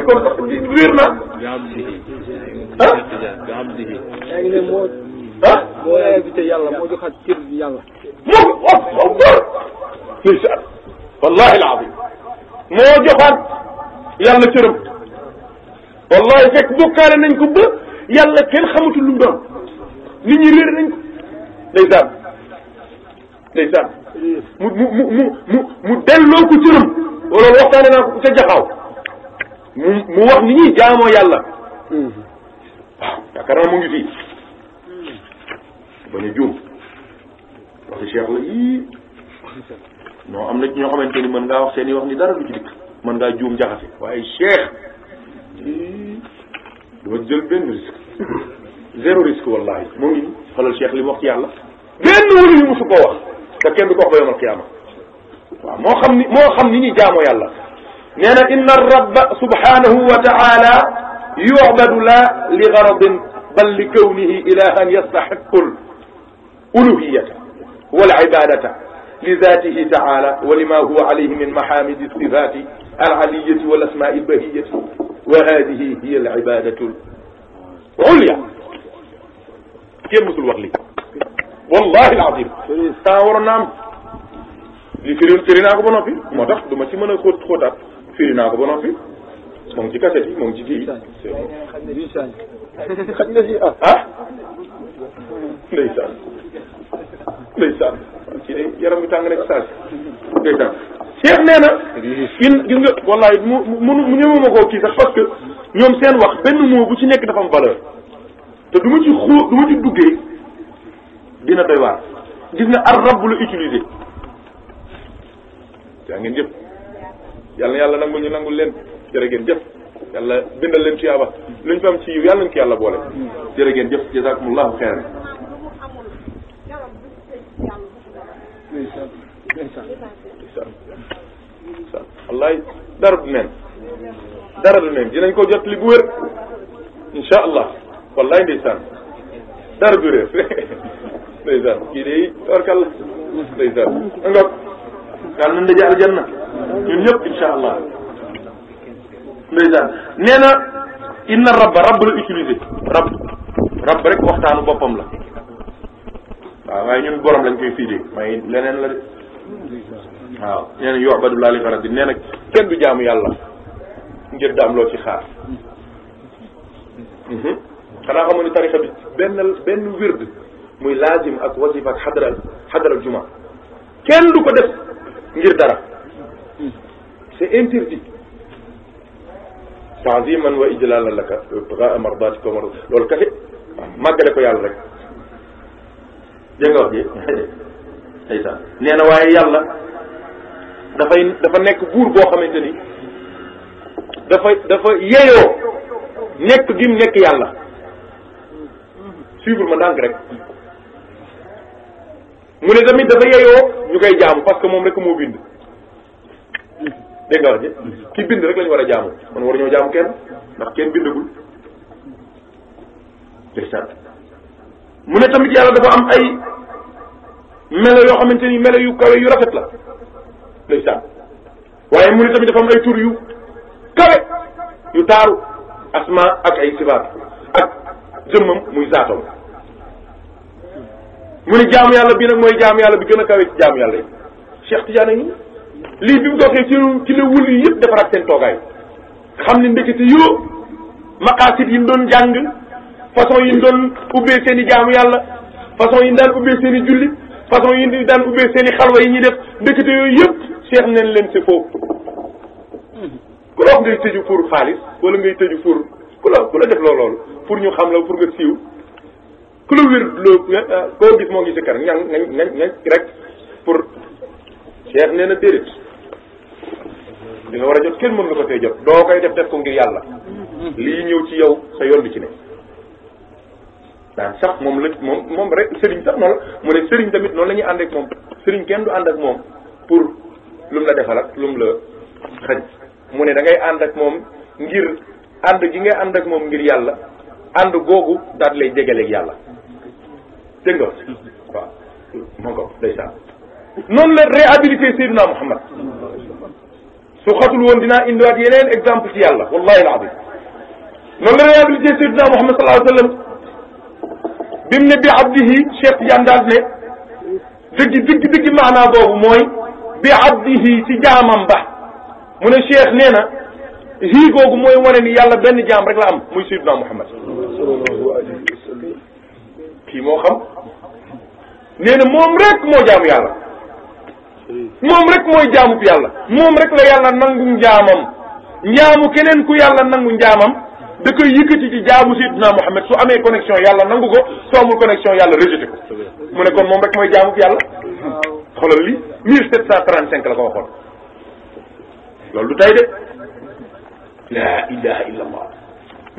nekkoon wér na. ah. ah. moo invité yàlla moo joxaat cër yàlla. moo waaw waaw. ndeysaan. wallaahi moo joxaat yàlla cëram. wallaahi fekk bokkaale nañ ko ba yàlla kenn xamatul lu mu doon. nit ñi réer nañ ko. ndeysaan. ndeysaan. mu mu mu mu mu delloo ko cëram. wala waxtaane naa ko ca jaxaaw. mu mu wax ni ñuy jaamoo yàlla mm-hmm. waaw yaakaar naa mu ngi fii bañ a juum waxi cheikh la yii am na ci ñoo xamante ni mën ngaa wax seen i wax ni dara lu ci dikk mën ngaa juum jaxase waaye cheikh dama jël benn risque zéro risque wallahi mu ngi xoolal cheikh li mu wax ci yàlla benn wëlu ñu mosu koo wax te kenn du ko wax ba yomal qiyaama waaw moo xam ni moo xam ni ñuy jaamoo yàlla nee na inna rabba subhanahu wa taala yubadu la li garadin bal li kawnihi ilahan yastahiqu l uluhiyata wal ibadata li zatihi taala wa lima huwa alayhi min mahamidi sifati al aliyati wal asmai al bahiyati wa hadihi hiya al ibadatu l ulya kenn mësul wax lii wallahi al azim temps waroon na am li firi firi naa ko ba noppi moo tax du ma ci mën a xóot xóotaat firi naa ko ba noppi mu ngi ci kaset yi mu ngi ci kii yi xaj na si ah, ah. yaram bi tàng rek saa na in gis nga wallaay mu mu mu ñëwuma koo kii sax parce que ñoom seen wax benn mot bu ci nekk dafa am valeur te du ma ci xóo du ma ci duggee gis nga ar rab lu utilisé yaa ngeen yàlla yàlla nangul ñu nangul leen jërë ngeen jëf yàlla bindal leen tuyaaba lu ñu ci yiw yàlla nañ ko yàlla boole jërë ngeen jëf jazakumullahu xeyran wallaay dara du neen dara du neen dinañ ko jot li bu wér insha allah wallaay ndeysaan dara du réer ndeysaan kii de yi yàlla nañ daje aljanna ñun ñëpp ne na inna rabba rabb la utilisé rabb rabb rek waxtaanu boppam la waaw waaye ñun borom lañ koy fiidee may leneen la de waaw nee na yobadu laa li nee na kenn du jaamu yàlla ngir daam loo ci xaar mhm. xanaa xamoon ni tarixa bi benn wird muy laazim ak wasif ak xadra xadra juma kenn du ko def ngir dara c'est interdit ta'ziman wa ijlalan laka ibtigaa mardatika loolu kese màggale ko yàlla rek dégg ji ndeysaan nee na waaye yàlla dafay dafa nekk buur boo xamante ni dafa dafa yeyoo nekk gi nekk yàlla suivre ma ndànk rek mu ne tamit dafa yeyoo ñu koy jaamu parce que moom rek moo bind dégg nga wax ki bind rek la war a jaamu man war ñoo jaamu kenn ndax kenn bindagul ndeysaan mu ne tamit yàlla dafa am ay melo yoo xamante ni melo yu kawe yu rafet la ndeysaan waaye mu ne tamit dafa am ay tur yu kawe yu taaru asma ak ay sifaat ak jëmmam muy saatam mu ne jaamu yàlla bi nag mooy jaamu yàlla bi gën a kawe ci jaamu yàlla yi Cheikh Tidiane ñu lii bi mu doxee ci ci la wul yi yëpp defaraat seen toogaay xam ne ndekete yoo maqaasit yi mu doon jàng façon yi mu doon ubbee seen i yàlla façon yi daan ubbee seen i julli façon yi daan ubbee seen i xalwa yi ñuy def ndekete yooyu yëpp Cheikh neen leen si foofu ku la wax ngay tëju ku la ku la def loolu pour ñu xam la pour nga siiw ku la wér loo ah, koo gis moo ngi si kar ñang ngañ ngañ ngañ rek pour cheikh nee na déedéet li nga war a jot kenn mën la ko tey jot doo koy def def ko ngir yàlla lii ñëw ci yow sa yoon bi ci ne daan sax moom la moom moom rek sëriñ sax noonu mu ne sëriñ tamit noonu la ñuy ànd ak moom sëriñ kenn du ànd ak moom pour lu mu la defal ak lu mu la xañ mu ne da ngay ànd ak moom ngir ànd gi ngay ànd ak moom ngir yàlla ànd googu daal lay jegeleeg yàlla dégg nga mm-hmm. waaw moo ko ndeysaan mm-hmm. noonu la réhabilité Seydina Muhammad mm-hmm. su xatul woon dinaa indiwaat yeneen exemple ci yàlla wallahi alazim noonu la réhabilité Seydina Muhammad sallallahu alayhi wa sallam bi mu ne bi abdihi Cheikh Tidiane daal ne dëgg dëgg dëgg maanaa boobu mooy bi abdihi ci jaamam ba mu ne Cheikh nee na hii googu mooy wane ni yàlla benn jaam rek la am muy Seydina Muhammad kii moo xam nee na moom rek moo jaamu yàlla moom rek mooy jaamu yàlla moom rek la yàlla nangu njaamam njaamu keneen ku yàlla nangu njaamam da koy yëkkati ci jaamu Seydina Muhammad su amee connexion yàlla nangu ko su amul connexion yàlla rejeté ko mu ne kon moom rek mooy jaamu yàlla xoolal li mille sept cent trente cinq la ko waxoon loolu du tay de la ilaha illa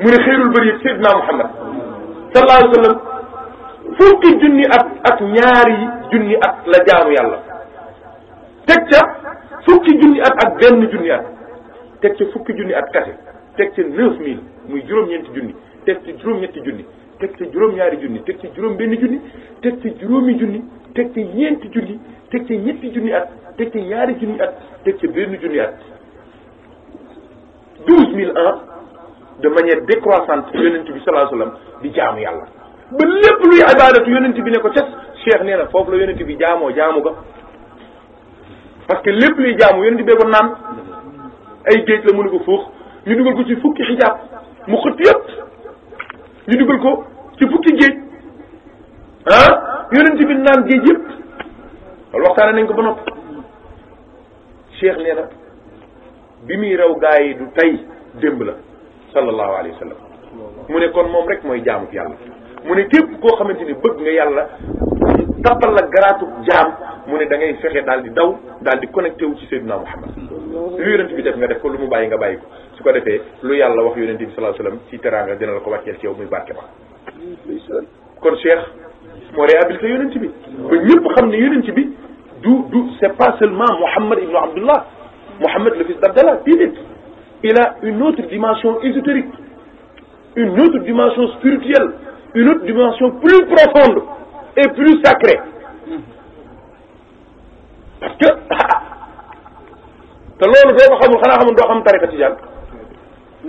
mu ne xeyrul bëri Seydina Muhammad sallallahu fukki junni ak ñaari junni at la jaamu yàlla teg sa fukki junni at ak benn junni at teg ca fukki junni at kase teg ca neuf mille muy juróom-ñeenti junni teg ca juróom-ñetti junni teg ca juróom-ñaari junni teg ca juróom-benn junni teg ca juróomi junni teg ca ñeenti junni teg ca ñetti junni at teg ca ñaari junni at teg ca benn junni at douze mille ans de manière décroissante yonent bi sallallahu alayhi di jaamu yàlla ba lépp luy ibadatu yonent bi ne ko cas cheikh nee na foofu la yonent bi jaamoo jaamu ga parce que lépp luy jaamu yonent bee ko naan ay géej la mënu ko fuux ñu dugal ko ci fukki xijaab mu xëtt yëpp ñu dugal ko ci fukki géej ah yonent bi naan géej yëpp loolu waxtaane nañ ko ba noppi cheikh nee bi muy raw gaa yi du tey démb la sallallahu alayhi wa sallam mu ne kon moom rek mooy jaamu fi yàlla mu ne képp koo xamante ni bëgg nga yàlla tappal la garaatu jaam mu ne da ngay fexe daal di daw daal di connecté wu ci Seydina Muhammad lu yonent def nga def ko lu mu bàyyi nga bàyyi ko su ko defee lu yàlla wax yonent bi sallallahu alayhi wasallam ci teraanga dina la ko wàcceel ci yow muy barke ba kon Cheikh moo réhabilité yonent bi ba ñëpp xam ne yonent bi du du c'est pas seulement Muhammad ibnu Abdullah Muhammad le fils d'Abdallah déedéet il a une autre dimension ésotérique une autre dimension spirituelle une autre dimension plus profonde et plus sacrée. parce que te loolu doo xamul xanaa xamul doo xam tariqa tijaan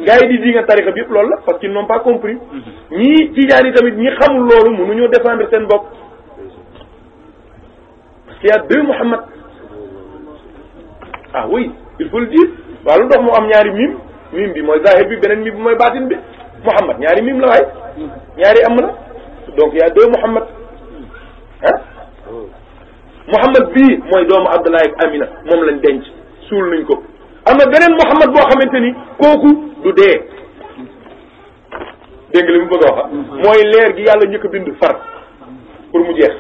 gars di di nga tariqa bi yëpp loolu la parce qu'ils n'ont pas compris ñii tijaan yi tamit ñi xamul loolu mënuñoo défendre seen bopp parce qu'il y a deux Muhammad ah oui il faut dire waaw lu moo am ñaari mim mim bi mooy zahir bi beneen mim bi mooy bi Mouhamad ñaari mim la waaye ñaari am la donc y a deux Mouhamad ah Mouhamad bii mooy doomu Abdoulaye ak Amina moom lañ denc suul nañ ko am na beneen Mouhamad boo xamante ni kooku du dee dégg li mu bëgg a wax ah? mooy leer gi yàlla njëkk a bind far pour mu jeex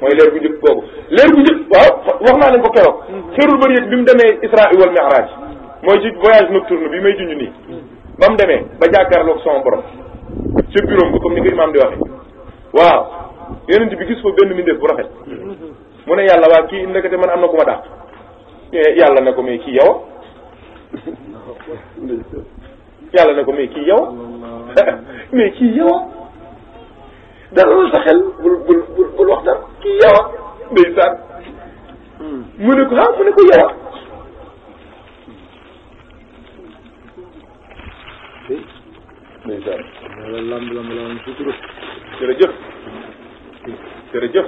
mooy leer gu njëkk boobu leer gu njëkk waaw wax naa leen ko keroog bi mu demee Isra wal Mi'raj mooy ci voyage nocturne bi may junj nii ba mu demee ba jàkkaarloog sama borom ci bureau bi comme ni ko imaam di waxee waaw yonent bi gis ko benn mbindeef bu rafet mu ne yàlla waa kii ndekete man am na ku ma dàq eh, yàlla ne ko mais kii yow yàlla ne ko mais kii yow mais kii yow dalal sa xel bul bul bul wax hmm. ko ah mu ko yow ndeysaan la lamb lamb la am sutura jërëjëf jërëjëf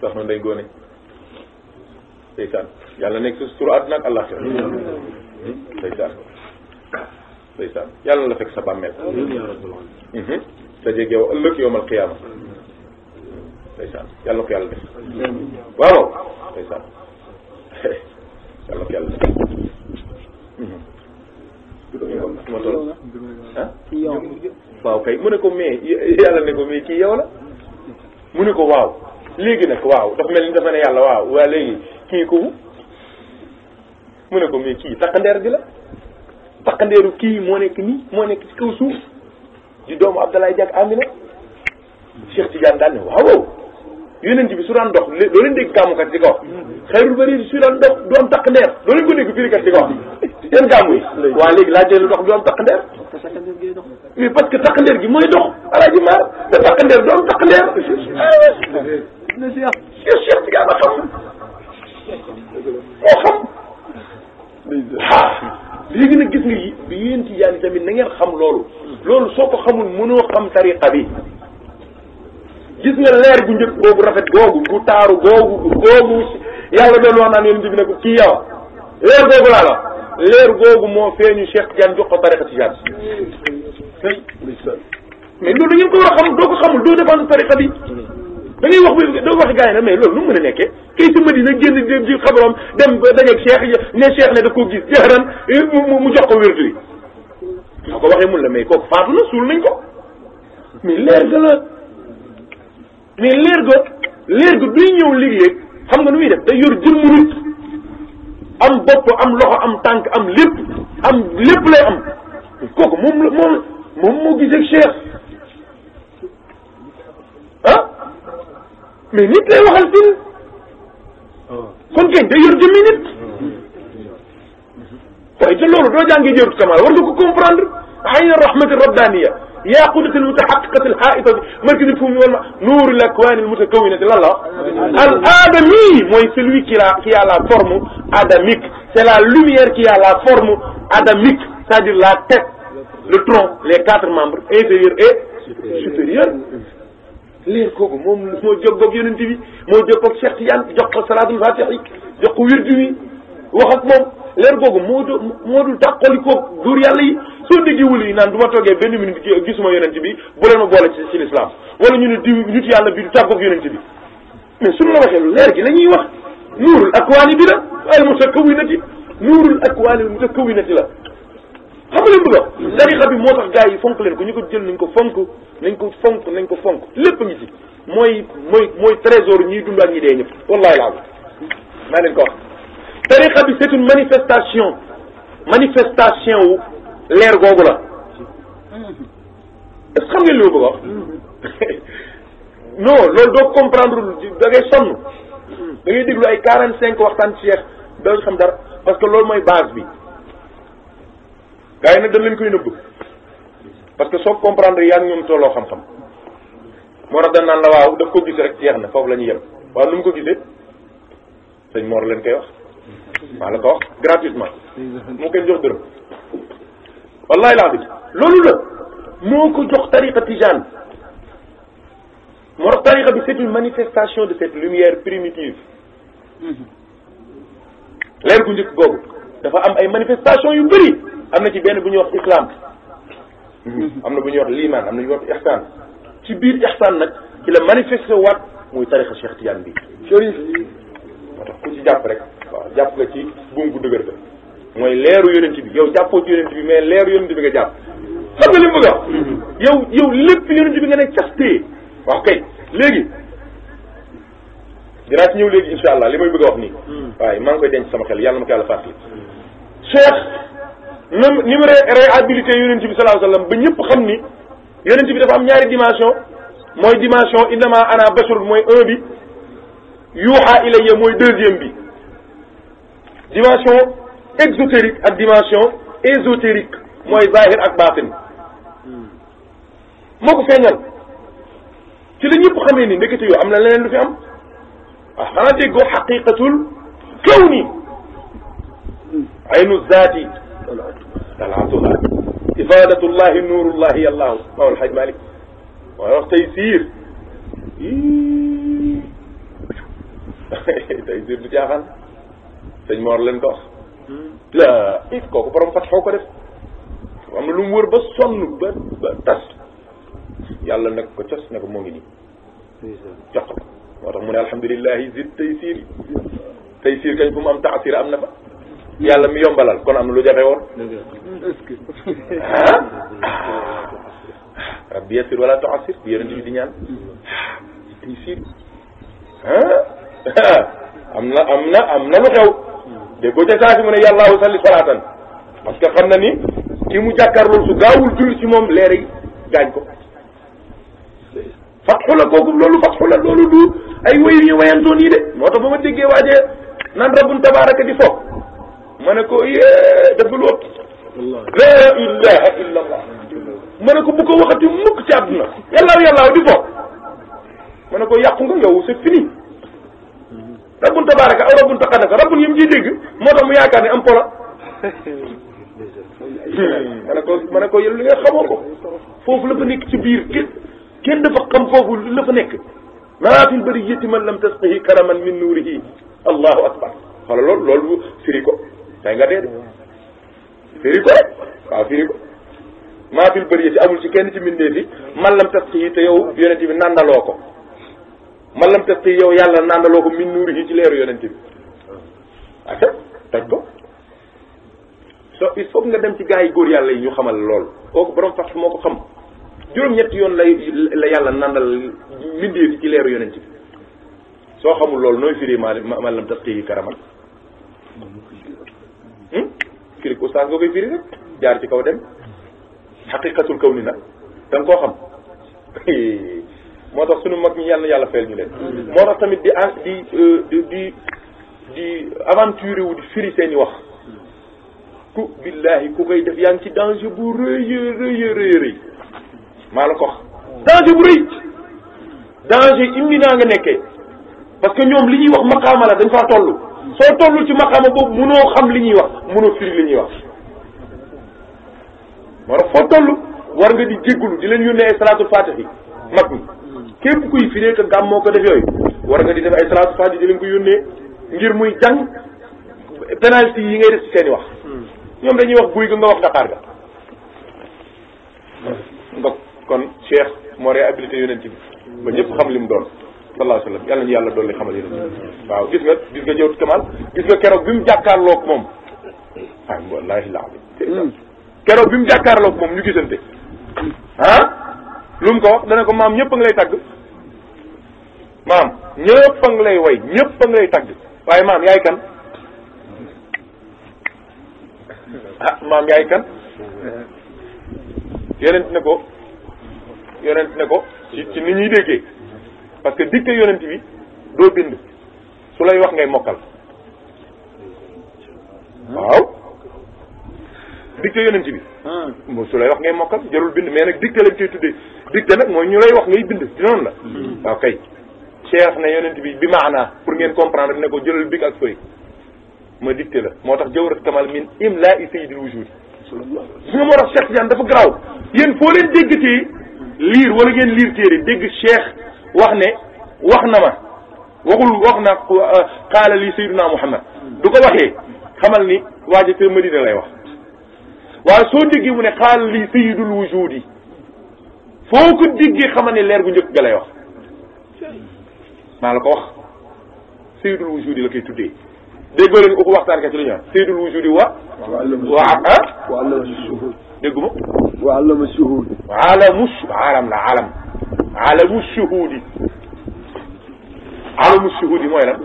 soxna Ndeye Gone ndeysaan yàlla nekk sa sutura àdduna ak àllaaxira ndeysaan ndeysaan yàlla na la fekk sa bàmmeel dajeeg mhm. yow ëllëg yowmal qiyaama ndeysaan yàlla na ko yàlla def waaw kay mu ne ko mais yàlla ne ko kii yow la mu ne ko waaw léegi nag waaw dafa ni dafa ne yàlla waaw waa léegi kii ku mu ne ko mais kii takkandeer bi la takkandeeru kii moo nekk nii moo nekk ci kaw suuf di doomu Abdoulaye Diak Amina Cheikh Tidiane daal ne yonent bi su daan dox doo leen dégg gàmmukat di ko wax xayrul bari su daan du am takk ndeer doo leen ko dégg firikat di ko wax seen gàmmu yi waaw léegi laajee lu dox du am takk ndeer mais parce que takk ndeer gi mooy dox alaaji maar te takk ndeer du am takk ndeer yo cheikh bi yàlla xam moo xam léegi nag gis nga tamit na ngeen loolu loolu soo ko xamul mënoo xam tariqa bi gis nga leer gu njëkk boobu rafet googu gu taaru googu googu yàlla doon wax naan yonent bi ne ko kii yow leer googu laa la leer googu moo feeñu Cheikh Tidiane jox ko tariqa Tidiane mais loolu da ngeen ko war a xam doo ko xamul doo défendre tariqa bi da ngay wax bi doo wax gars yi ne mais loolu nu mu mën a nekkee kay sa madina génn di di xabaram dem ba dajeeg Cheikh ne Cheikh ne da koo gis jeexaran mu jox ko wérdu yi. soo ko waxee mun la mais kooku faatu na suul nañ ko mais leer ga la. mais leer ga leer ga duy ñëw léeg-léeg xam nga nu def day yor jëmmu am bopp am loxo am tànk am lépp am lépp lay am kooku moom la moom moom moo gisee Cheikh ah mais nit lay waxal fil kon kenn day yor jëmmi nit waaye te loolu doo jàngee jërut kamal war nga ko comprendre ayna rahmati rabbaniya yaa qudratal mutaxaqiqatil xaaitati markazil fumi wal ma nuurul akwaanil mutakawinati lan la wax al adami mooy celui qui la qui a la forme adamique c'est la lumière qui a la forme adamique c'est-à-dire la tête le tronc les quatre membres inférieur et supérieur leer kooku moom moo jokkoog yonent bi moo jokkoog Cheikh Tidiane jox ko salaatul fatiha jox ko wirdu wi wax ak moom leer googu moo dul moo dul tàqalikoog duur yàlla yi soo déggee wul yi naan du ma toogee benn minute gisuma yonent bi bu leen ma boole ci ci lislaam wala ñu ne diw nit yàlla bi du tàggoog yonent bi mais suñu la waxee leer gi la ñuy wax nuurul mu bi la al ak nuurul akwaani al mutakawwinati la xam nga leen bëgg a tarixa bi moo tax gars yi fonk leen ko ñu ko jël nañ ko fonk nañ ko fonk nañ ko fonk lépp ngi mooy mooy mooy trésor ñiy dund ak ñi dee ñëpp wallahi laa maa leen ko tariqa bi c'est manifestation manifestation wu leer googu la est-ce que xam ngeen li ma a wax non loolu doo comprendre da ngay sonn déglu ay quarante cinq waxtaan ci Cheikh doo xam dara parce que loolu mooy base bi gars yi nag dañ leen koy nëbb parce que soo comprendre yaa ngi ñoom tolloo xam-xam moo tax dañ naan la waaw daf ko gis rek jeex na foofu la ñuy yem waaw nu mu ko gisee moo Mor leen koy wax maa la ko wax gratuitement moo kenn jox dërëm wallahi laa bi loolu la moo ko jox tariqa tijane moo tax tariqa bi c'est une manifestation de cette lumière primitive leer gu njëkk googu dafa am ay manifestation yu bëri am na ci benn bu ñuy wax islam am na bu ñuy wax liman am na bu wax ihsan ci biir ihsan nag ci la manifesté waat muy tariqa Cheikh Tidiane bi moo tax ku ci jàpp rek waaw jàpp nga ci buum gu dëgër ga mooy leeru yonent bi yow jàppoo ci yonent bi mais leeru yonent bi nga jàpp xam nga li mu bëgg a wax mm-hmm. yow yow lépp yonent bi nga ne castee wax kay léegi dinaa ci ñëw léegi insha allah li may bëgg a wax nii mm. waaye maa ngi koy denc sama xel yàlla ma ko yàlla fàttali cheikh même ni mu réhabilité yonent bi sallallahu alayhi ba ñëpp xam ni yonent bi dafa am ñaari dimension mooy dimension innama ana bashar mooy un bi dimension exotérique ak dimension ésotérique mooy zahir ak baatin moo ko feeñal ci la ñëpp xamee ni ndekete am na leneen lu fi am waaw xanaa déggoo xaqiqatul kawni aynu zaati talaatullah ifadatullahi nuurullahi yallaahu maawal xaj malik waaye wax tey siir tey siir du jaaxaan sëñ Mor leen ko wax hmm. la it kooku borom fat xoo ko def am na lu mu wër ba sonn ba ba tas yàlla nag ko cos ne ko moo ngi nii jox moo tax mu ne alhamdulilahi zid taysir taysir kañ fu mu am taasir am na fa yàlla mi yombalal kon am na lu jafe woon ah rabbi yasir wala tuasir bi yonent bi di ñaan taysir ah am na am na lu xew dégg ko ca saa si mu ne yàllaa wa salli salaatan parce que xam na ni ki mu jàkkaarloo su gaawul julli ci moom leer yi gaañ ko fatxu la loolu fatxu la loolu du ay wéy ñu wayantoon yi de moo tax ba ma déggee waajee naan rabbun tabaraka di fo ma ne ko yé def lu laa ilaha illa allah ma ne ko bu ko waxati mukk ci àdduna yàllaaw yàllaaw di fo ma ne ko yàqu nga yow c'est fini rabbun tabaraka aw rabbun taqadaka rabbun yi mu ciy dégg moo tax mu yaakaar ne am polo ma ne ko ma ko yéen li nga xamoo foofu la fa nekk ci biir kenn kenn dafa xam foofu la fa nekk maa fil bariyati man lam tasqihi karaman min nuurihi allahu akbar xoola loolu loolu firi ko tay nga dee de firi ko rek waaw firi ko maa fil bariyati amul ci kenn ci mbindeef yi man lam tasqihi te yow yonent bi nandaloo ko man lam yow yàlla naandaloo ko min nuuri yi ci leeru yonent bi aca ah, toj ko so il faut nga dem ci gaa yi góor yàlla yi ñu xamal lool kooku borom fax moo ko xam juróom-ñetti yoon lay la yàlla nandal mbindee fi ci leeru yonent bi soo xamul loolu nooy firi ma man lam taf yi karaman hmm? firi ko saa nga koy firi rek jaar ci kaw dem xaqiqatul kaw ni nag da koo xam moo tax sunu mag ñi yàlla yàlla fayal ñu leen moo tax tamit di euh, di di di di aventure wu di firi seen i wax ku billahi ku koy def yaa ngi ci danger bu rëy rëy rëy rëy maa la ko wax danger bu rëy danger imminent nga nekkee parce que ñoom li ñuy wax maqaama la dañ faa toll soo tollul ci maqaama boobu mënoo xam li ñuy wax mënoo firi li ñuy wax moo tax foo toll war nga di jéggulu di leen yónnee ay salaatul faatihi mag képp kuy firee ka gàmm moo ko def yooyu war nga di def ay salaatu faa di leen ko yónnee ngir muy jàng pénalité yi ngay def ci seen i wax ñoom dañuy wax guy ga nga wax daqaar ga nga kon cheikh moo réhabilité yonent bi ba ñëpp xam li mu doon sallallahu alayhi wa sallam yàlla ñu yàlla dolli xamal yonent bi waaw gis nga gis nga jëwt kamal gis nga keroog bi mu jàkkaarloog moom ah wallahi laabi hmm. keroog bi mu jàkkaarloog moom ñu gisante ah lu mu ko wax dana ko maam ñëpp a ngi lay tagg maam ñëpp lay woy ñëpp lay tagg waaye maam yaay kan ah maam yaay kan yonent ne ko yonent ne ko ci ci ni ñuy déggee parce que dikk yonent bi doo bind su lay wax ngay mokkal waaw dikk yonent bi hmm. su lay wax ngay mokkal jarul bind mais nag dikk lañ koy tuddee dicté nag mooy ñu lay wax ngay bind ci noonu la waaw mm-hmm. kay cheikh ne yonent bi bi maanaa pour ngeen comprendre ne ko jëlal big ak fëy ma dicté la moo tax jawrat kamal min imla i sayyidil wujud su nga moo tax cheikh Tidiane dafa garaaw yéen foo leen déggatee liir wala ngeen liir téere dégg cheikh wax ne wax na ma waxul wax na xaala li sayyiduna muhammad mm-hmm. du ko waxee xamal ni waaja ca Madina lay wax waaye soo déggee mu ne xaala li sayyidul wujud yi foo ko déggee xamal ne leer njëkk ga lay wax maa la ko wax sayyidul wujudi la koy tuddee déggoo leen ko ko waxtaan ka ci lu ñu sayyidul wujudi wa wa ah wa allama shuhud dégguma wa allama shuhud alamu alam la alam alamu shuhudi alamu shuhudi mooy lan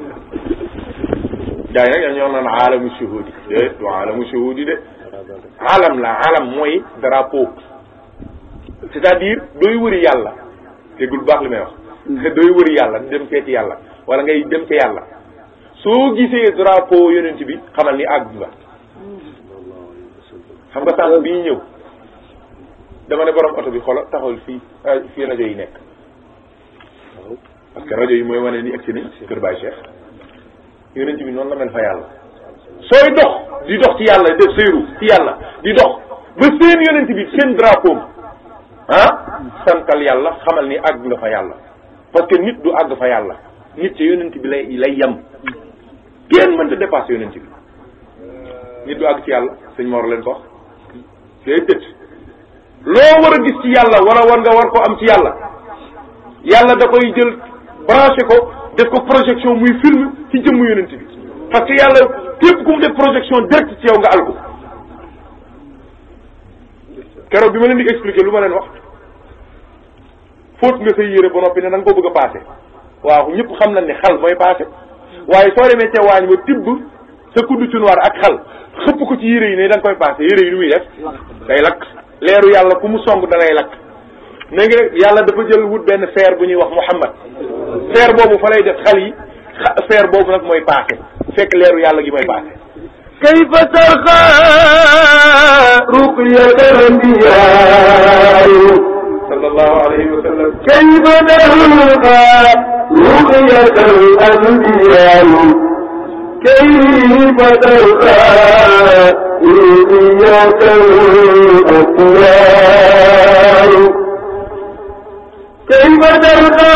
gaa yi nag ñoo naan alamu shuhudi de du alamu shuhudi de alam la alam mooy drapeau c'est-à-dire dooy wëri yàlla déggul baax li may wax mm. dooy wëri yàlla dem seeti yàlla wala ngay dem ca yàlla soo gisee drapeau yonent bi xamal ni àgg nga mm. xam nga sànq bii ñëw dama ne borom oto bi xoolal taxawal fii fii rajo yi nekk parce rajo yi mooy wane ni agsi nañ kër Baye Cheikh yonent bi noonu la mel fa yàlla sooy dox di dox ci yàlla def séeru ci yàlla di dox ba seen yonent bi seen drapeau ah santal yàlla xamal ni àgg nga fa yàlla parce que nit du àgg fa yàlla nit ci yonent bi lay lay yem kenn mënta dépassé yonent bi nit du àgg ci yàlla sëñ war leen ko wax déedéet loo war a gis ci yàlla wala war nga war ko am ci yàlla yàlla da koy jël branché ko def ko projection muy film ci jëmm yonent bi parce que yàlla képp ku mu def projection direct ci yow nga alko keroog bi ma leen di expliquer lu ma leen wax fóot nga sa yére bu noppi ne na nga ko bëgg a paase waaw ñëpp xam nañ ne xal mooy paase waaye soo demee ca waañ ba tibb sa kuddu cunwaar ak xal xëpp ko ci yére yi ne da nga koy paase yére yi nu muy def day lakk leeru yàlla ku mu song da lay lakk ne nga yàlla dafa jël wut benn feer bu ñuy wax Muhammad feer boobu fa lay def xal yi feer boobu nag mooy paase fekk leeru yàlla gi mooy paase كيف ترقى رقية الأنبياء صلى الله عليه وسلم كيف ترقى رقية الأنبياء كيف ترقى رقية الأقوال كيف ترقى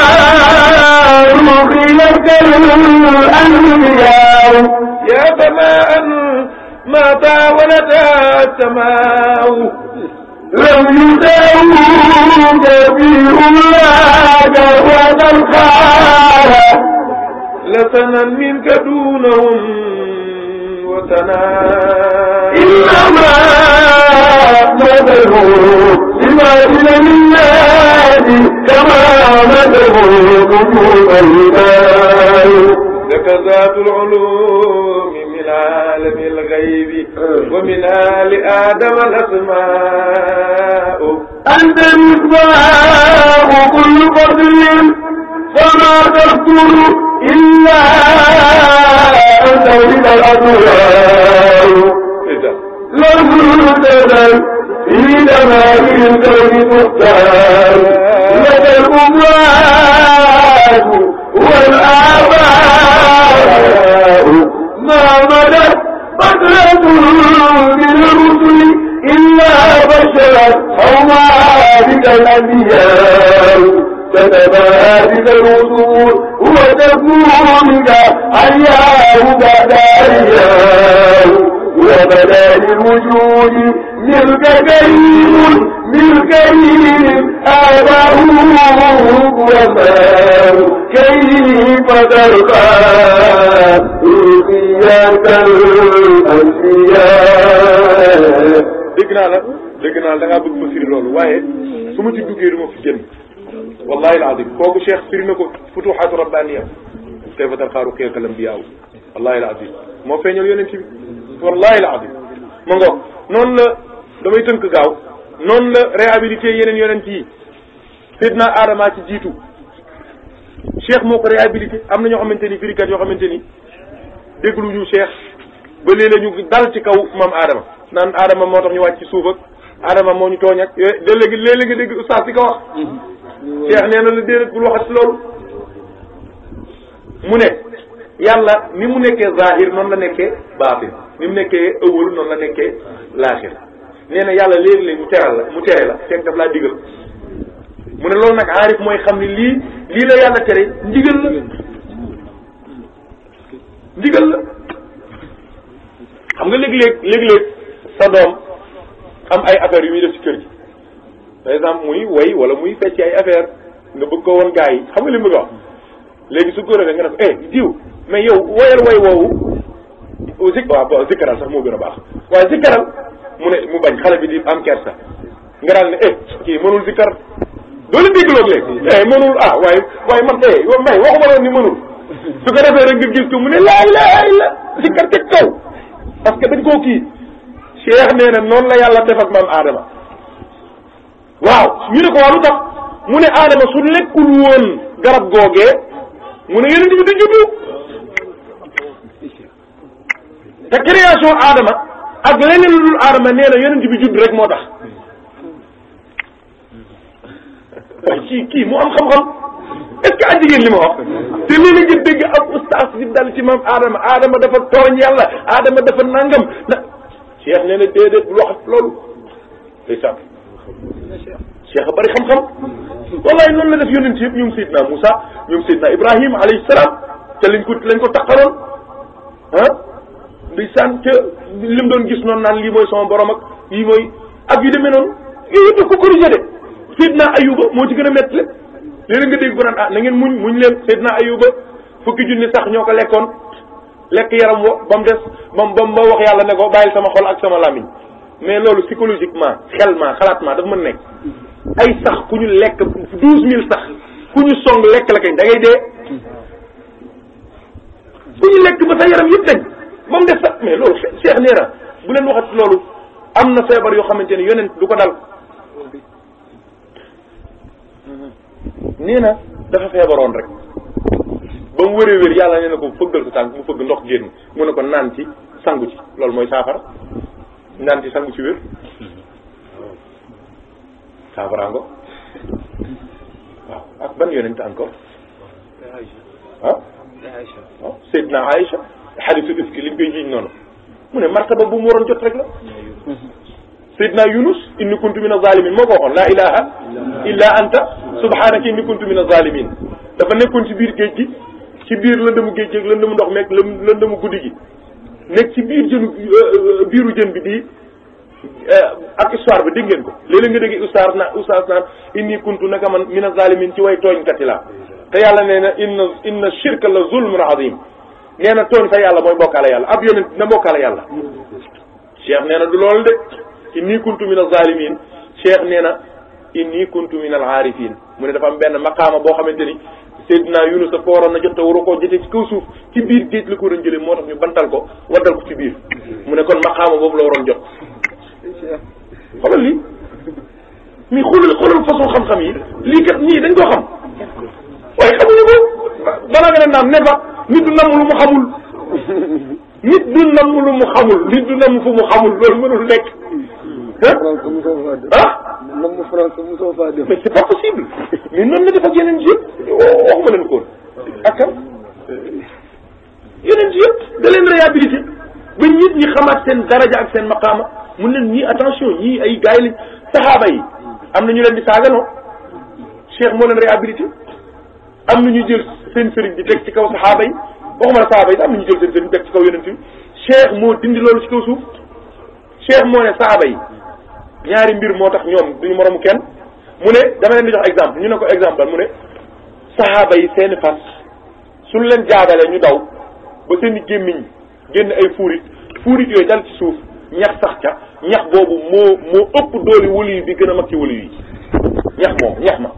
مخيلة الأنبياء يا سماء ما طاولتها السماء لم يدعوك فيه الله ولا الخارة لسنا منك دونهم وتنا إنما نذر ثم إلى الناس كما مدهم قلوب الآن لك ذات العلوم من عالم الغيب ومن آل آدم الأسماء أنت مصباح كل قدر فما تذكر إلا أنت من الأدوار لو تدل لجمال الكون مختار لدى الأموات والآباء ما ملت بدرته من الرسل إلا بشرا وما بك الأنبياء تتبادل الرسول وتكون حياه بعد أيام وبدأ الوجود ملك كريم للكريم آله وفاه كيف ترقى إياك الأنبياء dégg naa la dégg naa la da ngaa bëgg ma firi waaye su ma ci duggee du ma fi génn wallahi alazim kooku cheikh firi na ko futuxaatu rabbaniya kayfa tarqaaru kayka lambiyaaw wallahi alazim moo feeñal yonent bi wallahi alazim ma ngoog noonu la damay tënk gaaw noonu la réhabilité yeneen yonent ci Seydina Adama ci jiitu cheikh moo ko réhabilité am na ñoo xamante ni firikat yoo xamante ni ñu cheikh ba léeg la dal ci kaw maam Adama naan Adama moo tax ñu wàcc ci suuf ak Adama moo ñu tooñ ak yooyu nga dégg ustaas di ko wax. cheikh nee na la déedéet bul waxat loolu mu ne yàlla ni mu nekkee zahir noonu la nekkee baatin ni mu nekkee ëwal noonu la nekkee laaxir nee na yàlla léegi-léegi mu teral la mu tere la fekk daf laa digal mu ne loolu nag aarif mooy xam ni lii lii la yàlla tere ndigal la ndigal la xam nga léeg-léeg léeg sa doom am ay affaires yu muy def ci kër par exemple muy way wala muy fecc ay affaire nga bëgg ko woon gars yi xam nga li mu bëgg a wax léegi su ko defee nga def eh diw mais yow woyal way woowu zik waaw zikkaral sax moo gën a baax waaye mu ne mu bañ xale bi di am kersa nga daal ne eh kii mënul zikar loolu dégloog léegi eh mënul ah waaye waaye man eh yow may waxuma loon ni mënul su ko defee rek nga gis ko mu ne laay laay la zikar teg kaw parce que dañ koo kii cheikh nee na noonu la yàlla def ak maam waaw ñu ne waa lu tax mu ne aadama su lekkul woon garab googee mu ne yeneen bi du te création aadama ak leneen lu dul aadama nee na yonent bi judd rek moo tax kii kii mu am xam-xam est-ce que a jigéen li ma wax te lii la nga dégg ab ustaas di dal ci maam aadama aadama dafa tooñ yàlla aadama dafa nangam na cheikh nee na déedéet bul wax loolu day sànq cheikh a xam-xam wallahi noonu la def yonent yëpp ñoom Seydina Moussa ñoom Seydina Ibrahima alayhi salaam te lañ ko lañ ko taqaloon ah di sant li mu doon gis noon naan lii mooy sama borom ak lii mooy ak yu demee noonu yooyu yëpp daf ko corrigé de Seydina Ayuba moo ci gën a métti lépp léeg nga dégg ko naan ah na ngeen muñ muñ leen Seydina Ayuba fukki junni sax ñoo ko lekkoon lekk yaram wo ba mu des ba mu ba mu wax yàlla ne ko bàyyil sama xol ak sama làmmiñ mais loolu psychologiquement xel ma xalaat ma dafa mën nekk ay sax ku ñu lekk douze mille sax ku ñu song lekk la kañ da dee ku ñu lekk ba sa yaram yëpp ba de def mais loolu Cheikh nee bu leen waxat loolu am na feebar yoo xamante ne yeneen du ko dal nee na dafa feebaroon rek ba mu wéree wér yàlla nee na ko fëggal sa tànk mu fëgg ndox génn mu ne ko naan ci sangu ci loolu mooy saafara naan ci sangu ci wér saafara ngo ak ban yonent encore ah ah Seydina Aïcha xadisu ifki liñ koy jiiñ noonu mu ne martaba bu mu waroon jot rek la sayidna yunus inni kuntu min azalimin moo ko waxoon laa ilaha illa anta min azalimin dafa nekkoon ci biir géej gi ci biir lëndëmu géej gi ak lëndëmu ndox meeg lëndëmu guddi gi nekk ci biir jënu euh, euh, biiru jën bi di euh, ak histoire bi dégg ngeen ko léeg-léeg nga dégg ustaas na ustaas naan inni kuntu naka man min azalimin ci way tooñkat yi laa te yàlla nee na inna inna shirka la zulmun azim nee na tooñ sa yàlla mooy mbokkaale yàlla ab yonent dina mbokkaale yàlla cheikh nee na du loolu de inni kuntu min az-zalimin cheikh nee na inni kuntu min al-arifin mu ne dafa am benn maqaama boo xamante ni Seydina Yunus a ko waroon na jot te waru koo jotee ci suuf ci biir géej la ko waroon jëlee moo tax ñu bantal ko waddal ko ci biir mu ne kon maqaama boobu la waroon jot xoolal lii mi xoolal xoolal façon xam-xam yi lii kat ñii dañ koo xam waaye xamuñu ko balaa nit du namm lu mu xamul nit du namm lu mu xamul nit du namm fu mu xamul loolu mënul nekk ah namm France mosoo faa dem mais c'est possible mais noonu la def ak yeneen ji yëpp waxuma leen koon ak kam yeneen ji yëpp da leen réhabilité ba nit ñi seen daraja ak seen maqaama mun leen ñii attention ñii ay gars yi lañ am na ñu leen di saaganoo cheikh moo leen réhabilité am na ñu jël seen sëriñ di teg ci kaw saxaaba yi waxuma la saxaaba yi am na ñu jël seen sëriñ di teg ci kaw yonent bi cheikh moo dindi loolu ci kaw suuf cheikh moo ne saxaaba yi ñaari mbir moo tax ñoom duñu moromu kenn mu ne dama leen di jox exemple ñu ne ko exemple mu ne saxaaba yi seeni fas suñu leen jaagalee ñu daw ba seeni gémmiñ génn ay fuurit fuurit yooyu dal ci suuf ñax sax ca ñax boobu moo moo ëpp doole wëli bi gën a mag ci wëli yi ñax ma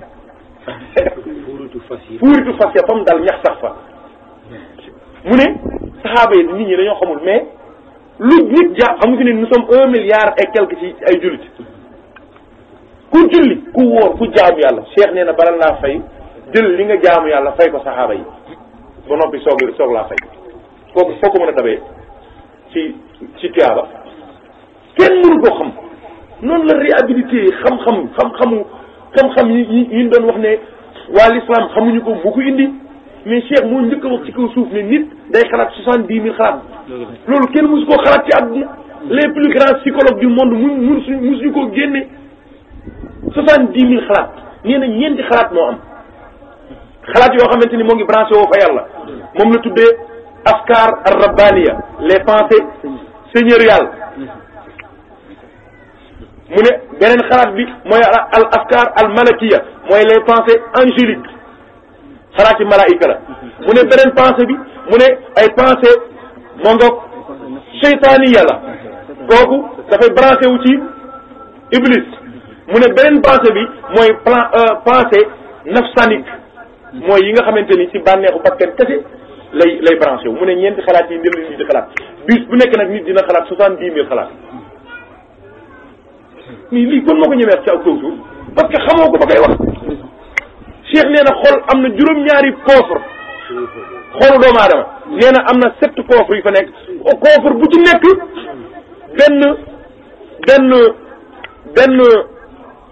fuuritu fas ya fa mu dal ñax sax fa mu ne saxaaba yi nit ñi dañoo xamul mais lu nit jàpp xam nga ne nous sommes un milliard et quelque ci ay jullit ku julli ku wóor ku jaamu yàlla Cheikh nee na bala laa fay jël li nga jaamu yàlla fay ko saxaaba yi ba noppi soog soog laa fay kooku foo ko mën a dabee ci ci tiyaaba kenn mënu koo xam noonu la réhabilité xam-xam xam-xamu xam-xam yi yi ñu doon wax ne waa l'islam xamuñu ko moo ko indi mais cheikh moo njëkk a wax ci kaw suuf ne nit day xalaat soixante dix mille xalaat loolu kenn mosu koo xalaat ci àdduna les plus grands psychologues du monde mun mun suñ mosuñu koo génne soixante dix mille xalaat nee na ñeenti xalaat moo am xalaat yoo xamante ni moo ngi branché woo fa yàlla moom la tuddee askar ar rabbaniya les pensées seigneuriales mu ne beneen xalaat bi mooy al afkar al malakiya mooy les pensées angéliques xalaati malaayika la mu ne beneen pensée bi mu ne ay pensées moo ngoog seytaaniya la kooku dafay branché wu ci iblis mu ne beneen pensée bi mooy plan euh, pensée nafsanique mooy yi nga xamante ni ci bànneexu bakkan kese lay lay branché wu mu ne ñeenti xalaat yi ndel la di xalaat bis bu nekk nag nit dina xalaat soixante-dix mille xalaat nii lii kon moo ko ñëwee ci aw kaw parce que xamoo ko ba koy wax Cheikh nee na xol am na juróom-ñaari coffre xolu doomu aadama nee am na sept coffre yu fa nekk coffre bu ci nekk benn benn benn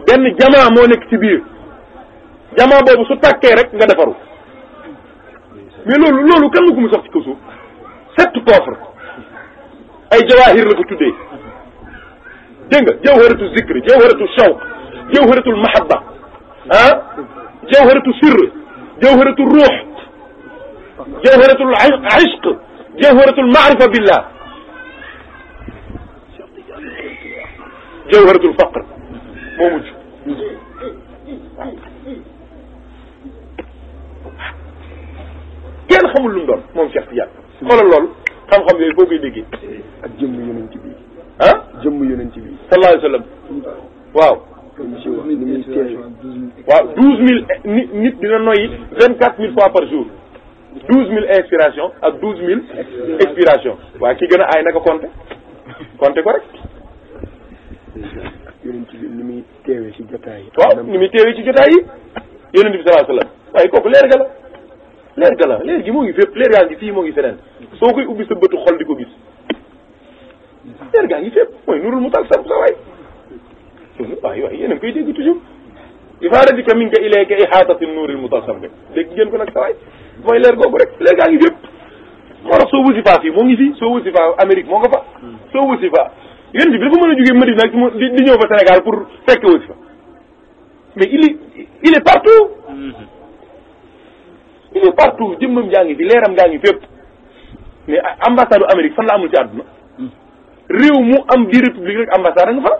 benn jamaa moo nekk ci biir jamaa boobu su tàkkee rek nga defaru mais loolu loolu kenn nga ko mu sax ci kaw suuf sept ay jawahir la ko tuddee dégg nga jawharatu zikri jawharatu shawq jawharatul mahabba ah jawharatu sirr jawharatu ruux jawharatul ishq jawharatul maarifa billah jawharatul faqr moo mujj kenn xamul lu mu doon moom Cheikh Tidiane xoolal loolu xam-xam yooyu boo koy déggee ak jëmm yonent bi ah jëmm yonent bi sallallahu alayhi wa sallam waaw waaw douze mille nit nit dina noyyi vingt quatre mille fois par jour douze mille inspiration ak douze mille expiration waaw ki gën a aay naka compter compter ko ni muy teewee ci jotaay yi waaw ni muy teewee ci jotaay yi yonent bi sallallahu la wa sallam waaye kooku leer ga la leer ga la leer gi moo ngi fépp leer gaa ngi fii moo ngi feneen soo koy ubbi sa bëtu xol di ko gis leer gaa ngi fépp mooy nurul mu tax sab sa waay waay waay yéen a ngi koy dégg toujours ifaadati ka min ka ilayka ihaatati nuuril mutasam ga dégg ngeen ko nag sa waay mooy leer googu rek leer gaa ngi fépp moo tax soo wasifa fii moo ngi fii soo wasifa Amérique moo nga fa soo wasifa yéen bi dafa mën a jógee Madina nag di di ñëw fa Sénégal pour fekk wasifa mais il est il est partout il est partout jëmmam jaa ngi fi leeram gaa ngi fépp mais ambassade u Amérique fan la amul ci àdduna réew mu am di république rek ambassade nga fa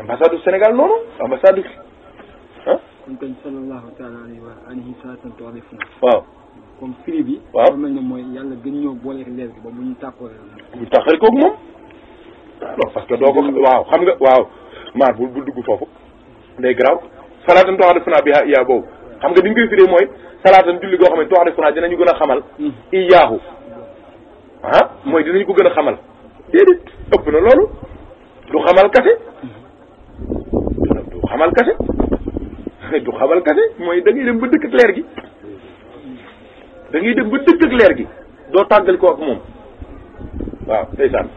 ambassade du Sénégal noonu ambassade du ah. kon kañ sallallahu taala waaw comme firi bi. waaw xam nañ ne mooy yàlla gën ñoo booleeg leer bi ba bu ñu tàqoo. bu tàqal koog moom. Ah, non parce que doo ko waaw xam nga waaw maar bu bu dugg foofu day garaaw salaatan bi biha iyaa boobu xam nga ni ñu koy firee mooy salaatan julli goo xam ne tuharifuna dinañu gën a xamal. Hmm. iyaahu ah mooy dinañu ko gën a xamal. déedéet ëpp na loolu du xamal kase du xamal kase kase mooy da dem ba dëkk ak leer gi da ngay dem ba dëkk ak leer gi doo tàggal ko moom waaw ndeysaan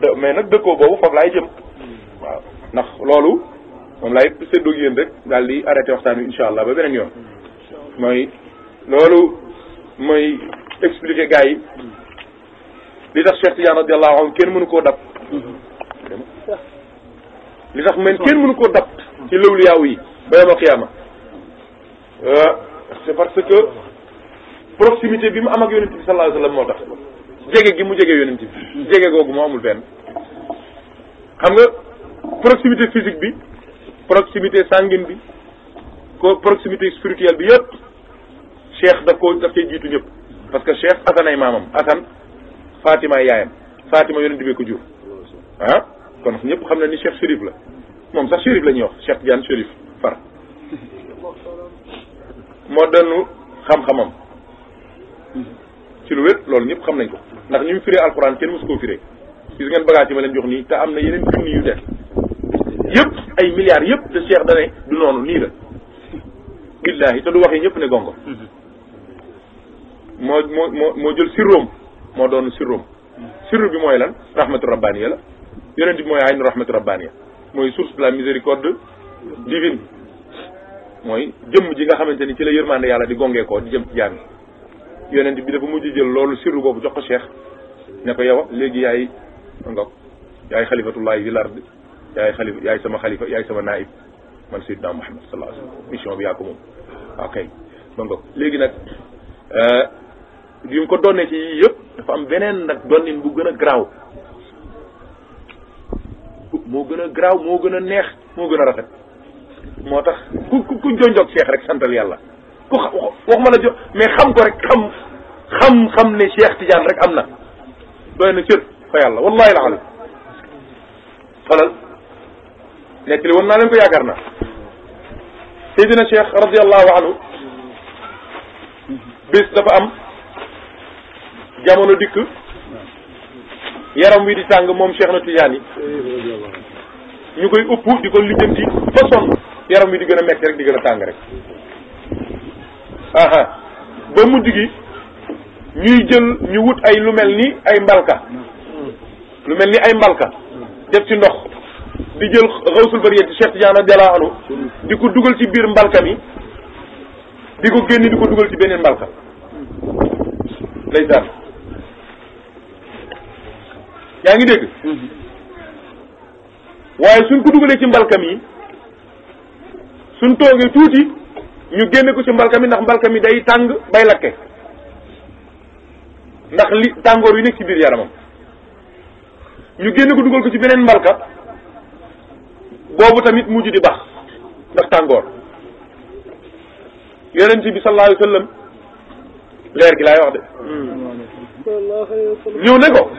d mais nag dëkkoo boobu foofu laay jëm waaw ndax loolu moom laay séddoo yéen rek daal di arrêté waxtaan wi incha allah ba beneen yoon mooy loolu mooy expliquer gars yi li tax Cheikh Tidiane radiyallahu anhu kenn mënu koo dab li tax men kenn mënu koo dab ci lëwlu yaaw yi ba yama xiyaama euh, c'est parce que proximité bi mu am ak yonent bi sallallahu alayhi wasallam moo tax jege gi mu jege yonent bi jege googu moo amul benn xam nga proximité physique bi proximité sanguine bi ko proximité spirituelle bi yëpp cheikh daf ko daf cee jiitu ñëpp parce que cheikh asanay maamam asan Fatima yaayam Fatima yonent bi ko jur ah kon ñëpp xam na ni Cheikh Chérif la moom sax Chérif la ñuy wax Cheikh Diane Chérif far moo doon xam-xamam ci loolu yëpp xam nañ ko ndax ñu mu firee alxuraan kenn mosu koo firee ngeen bagage ma leen jox nii te am na yeneen junni yu def yëpp ay milliards yëpp de Cheikh dane du noonu nii la billaahi te du waxee ñëpp ne gongo mhm. moo moo moo jël sirroom moo doon sirrum sirru bi mooy lan rahmatu rabbaniya la yonent bi mooy aynu rahmatu rabbaniya mooy source de la miséricorde divine mooy jëmm ji nga xamante ni ci la yërmande yàlla di gongee ko di jëm ci jaam yi yonent bi dafa mujj jël loolu sirru boobu jox ko cheikh ne ko yow léegi yaay ngoog yaay xalifatullahi fil ard yaay xalifa yaay sama xalifa yaay sama naib man sayyidna Muhammad sallallahu alayhi wasallam mission bi yaa ko moom ok ba li mu ko donnee ci yii yëpp dafa am beneen nag donnin bu gën a garaaw moo gën a garaaw moo gën a neex moo gën a rafet moo tax ku ku ku jonjog cheikh rek santal yàlla ku xa waxuma la jo mais xam ko rek xam xam xam ne cheikh Tidiane rek am na doy na cër fa yàlla wallahi la alam falal nekk naa leen ko yaakaar na seydina cheikh radiallahu anhu bis dafa am jamono dikk yaram wi di tàng moom Cheikh na Tidiane yi ñu koy upp di ko lijjanti ba sonn yaram wi di gën a metti rek di gën a tàng rek aha ba mujj gi ñuy jël ñu wut ay lu mel ni ay mbalka lu mel ni ay mbalka def ci ndox di jël xawsul bariyati Cheikh Tidiane radiyallahu anhu di ko dugal ci biir mbalka bi di ko génn di ko dugal ci beneen mbalka ndeysaan yaa ngi dégg mhm. waaye suñ ko dugalee ci mbalkam yi suñ toogee tuuti ñu génne ko ci mbalka mi ndax mbalka mi day tàng bay lakke ndax li tàngoor yu nekk ci biir yaramam ñu génne ko dugal ko ci beneen mbalka boobu tamit mujj di baax ndax tàngoor yonent bi sallallahu alayhi leer gi laay wax de mhm. ñëw ne ko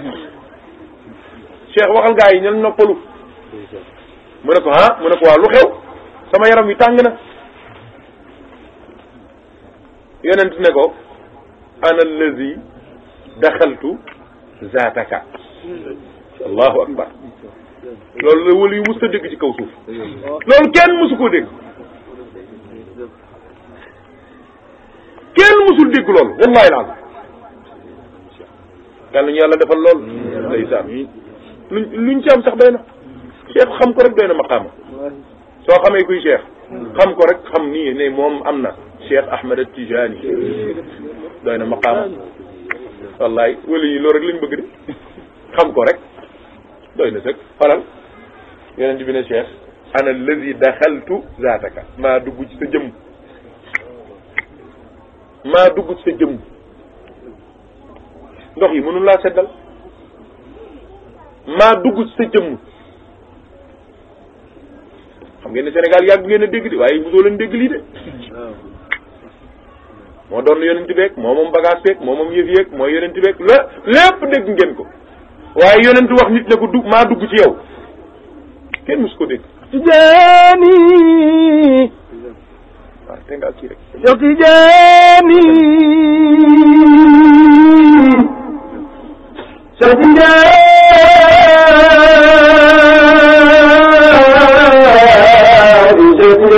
Cheikh waxal gaa yi ñan noppalu mu ne ko ah mu ne ko waaw lu xew sama yaram wi tàng na yonent ne ko ana allazi daxaltu zaataka allahu akbar loolu la yu mës a ci kaw suuf loolu kenn mësu koo dégg kenn mësul dégg loolu wallahi laal yàlla ñu yàlla defal lool ndeysaan luñ luñ am sax doy na cheikh xam ko rek doy na maqaama soo xamee kuy cheikh xam ko rek xam nii ne moom am na cheikh ahmed tijani doy na maqaama wallaay wala yi loolu rek lañ bëgg de xam ko rek doy na sëg falal yeneen bi ne cheikh ana lazi daxaltu zaataka maa dugg ci sa jëmm maa dugg ci sa jëmm ndox yi mënul laa seddal maa dugg ci sa jëmm xam ngeen ne Sénégal yàgg ngeen a dégg de waaye mosoo leen dégg de moo doon yonent beeg moo moom bagage moo moom yëf yeeg mooy yonent beeg lé lépp dégg ngeen ko waaye yonent wax nit ne ko dugg maa dugg ci yow kenn mos ko dégg tijaani waaw te nga kii rek yow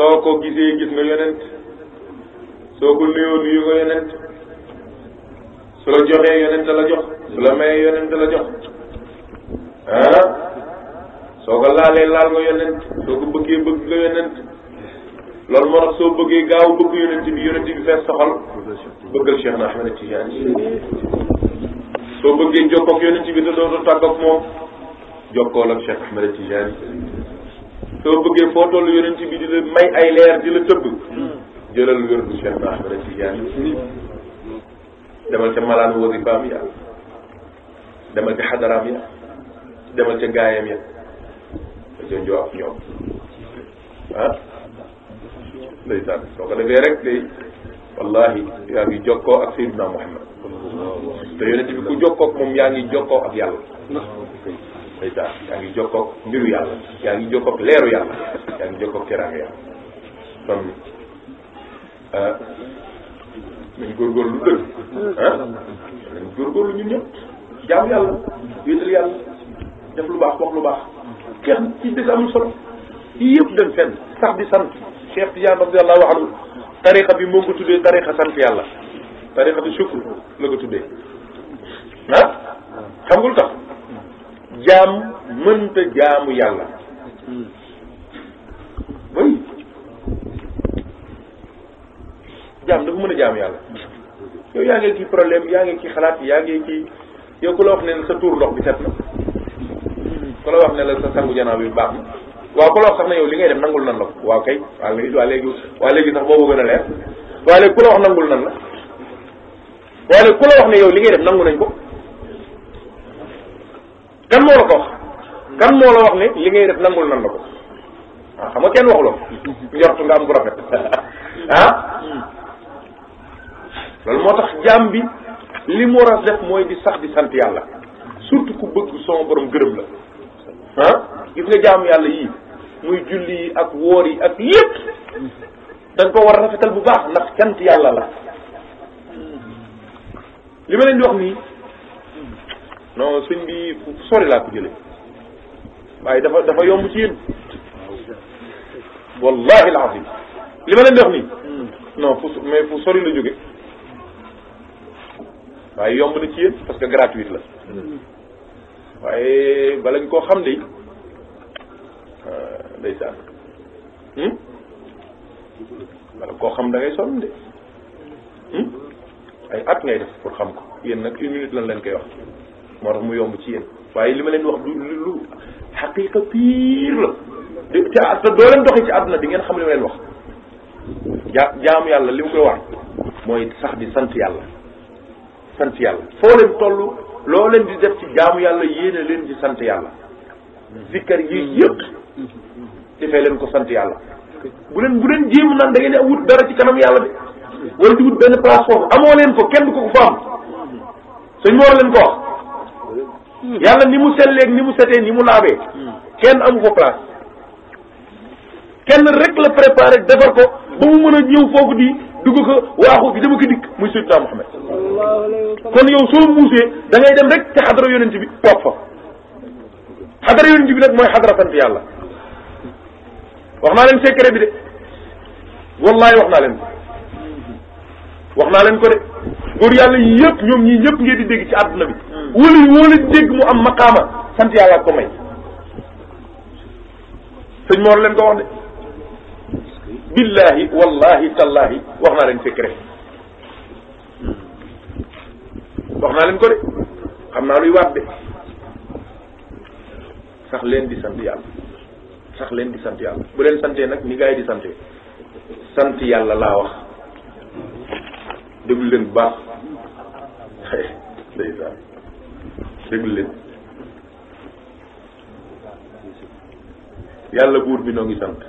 soo ko gisee gis nga yonent soo ko nuyoo nuyu nga yonent su la joxee yonent la jox su la mayee yonent la jox ah soo ko laalee laal nga yonent soo ko bëggee bëgg nga yonent loolu moo tax soo bëggee gaaw bëgg yonent bi yonent bi fees soxal bëggal Cheikh na Ahmed Tidiane soo bëggee jokkoog yonent bi te doo tàggoog moom jokkool ak Cheikh Ahmed Tidiane soo bëggee foo toll yonent bi di la may ay leer di la tëbb jëlal wér du Cheikh Ahmada Tidiane demal ca malaan wasifaam ya demal ca xadaraam ya demal ca gaayam ya ca njoo ak ñoom ah ndeysaan soo ko defee rek day wallahi yaa ngi jokkoo ak Seydina Muhammad te yonent bi ku jokkoo ak moom yaa ngi jokkoo ak yàlla ndeysaan yaa ngi jokkoog mbiru yàlla yaa ngi jokkoog leeru yàlla yaa ngi jokkoog teraanga yàlla kon euh, nañ góorgóorlu dëgg ah nañ góorgóorlu ñun ñëpp jaam yàlla wéetal yàlla def lu baax wax lu baax kenn ci des amul solo yii yëpp dem fenn sax di sant Cheikh Tidiane radiyallahu anhu tariqa bi moo ko tuddee tariqa sant yàlla tariqa bi sukkur la ko tuddee xam nga tax jaam mënta jaamu yàlla bay jaam dafa mën a jaamu yàlla yow yaa ngi kii problème yaa ngi ki xalaat yaa ngi kii yow ku la wax ne sa tuur ndox bi set na ku la wax ne la sa sangu janaaw bi baax na waaw ku la wax sax ne yow li ngay dem nangul nan la ko waa kay waaw léegi waaw léegi sax boobu gën a leer waaye léegi ku la wax nangul nan la waaye léegi ku la wax ne yow li ngay dem nangu nañ ko kan moo la ko kan moo la wax ne li ngay def nangul nan la ko waaw ah, xam nga kenn waxuloo njortu nga am bu rafet ah loolu moo tax jaam bi li mu war a def mooy di sax di sant yàlla surtout ku bëgg son borom gërëm la ah gis nga jaam yàlla yii muy julli yi ak woor yi ak yépp dañ ko war a rafetal bu baax ndax sant yàlla la li ma leen di wax nii non sëñ bi sori laa ko jëlee waaye dafa dafa yomb ci yéen wallahi alazim li ma leen di nii non fu mais fu sori la jóge waaye yomb na ci yéen parce que gratuit la waaye bala ñu koo xam de euh, ndeysaan hmm? bala koo xam da ngay sonn de hmm? ay at ngay def pour xam ko yéen nag une minute lan leen koy wax moo tax mu yomb ci yéen waaye li ma leen wax du lu xaqiqa piir la doo leen doxee ci àdduna di ngeen xam li ma leen wax ja jaam yàlla li mu koy wax mooy sax di sant yàlla sant yàlla foo leen toll loo leen di def ci jaamu yàlla yéene leen ci sant yàlla zikkar yi yëpp defee leen ko sant yàlla bu leen bu leen jéem naan da ngeen di wut dara ci kanam yàlla de wala wut benn place foofu amoo leen ko kenn ko ko fa am sëñ leen ko wax Hmm. yàlla ni mu selleeg ni mu setee ni mu laabee hmm. kenn amu fa place kenn rek la préparé defar ko ba mu mën a ñëw foofu di dugg ko waaxu fi dama ko dikk muy Seydina Muhammad kon yow soo muusee da dem rek te xadara yonent bi toog fa xadara yonent bi nag mooy xadara sant yàlla wax naa leen secret bi de wallahi wax naa leen ko wax naa leen ko de góor yàlla yëpp ñoom ñii ñëpp ngeen di dégg ci àdduna bi wala wala dégg mu am maqaama sant yàlla ko may sëñ Mor leen ko wax de billahi wallahi tallahi wax naa leen secret wax naa leen ko de xam naa luy waat de sax leen di sant yàlla sax leen di sant yàlla bu leen santee nag ni gars di santee sant yàlla laa wax déglu leen bu baax déglu leen yàlla buur bi noo ngi sant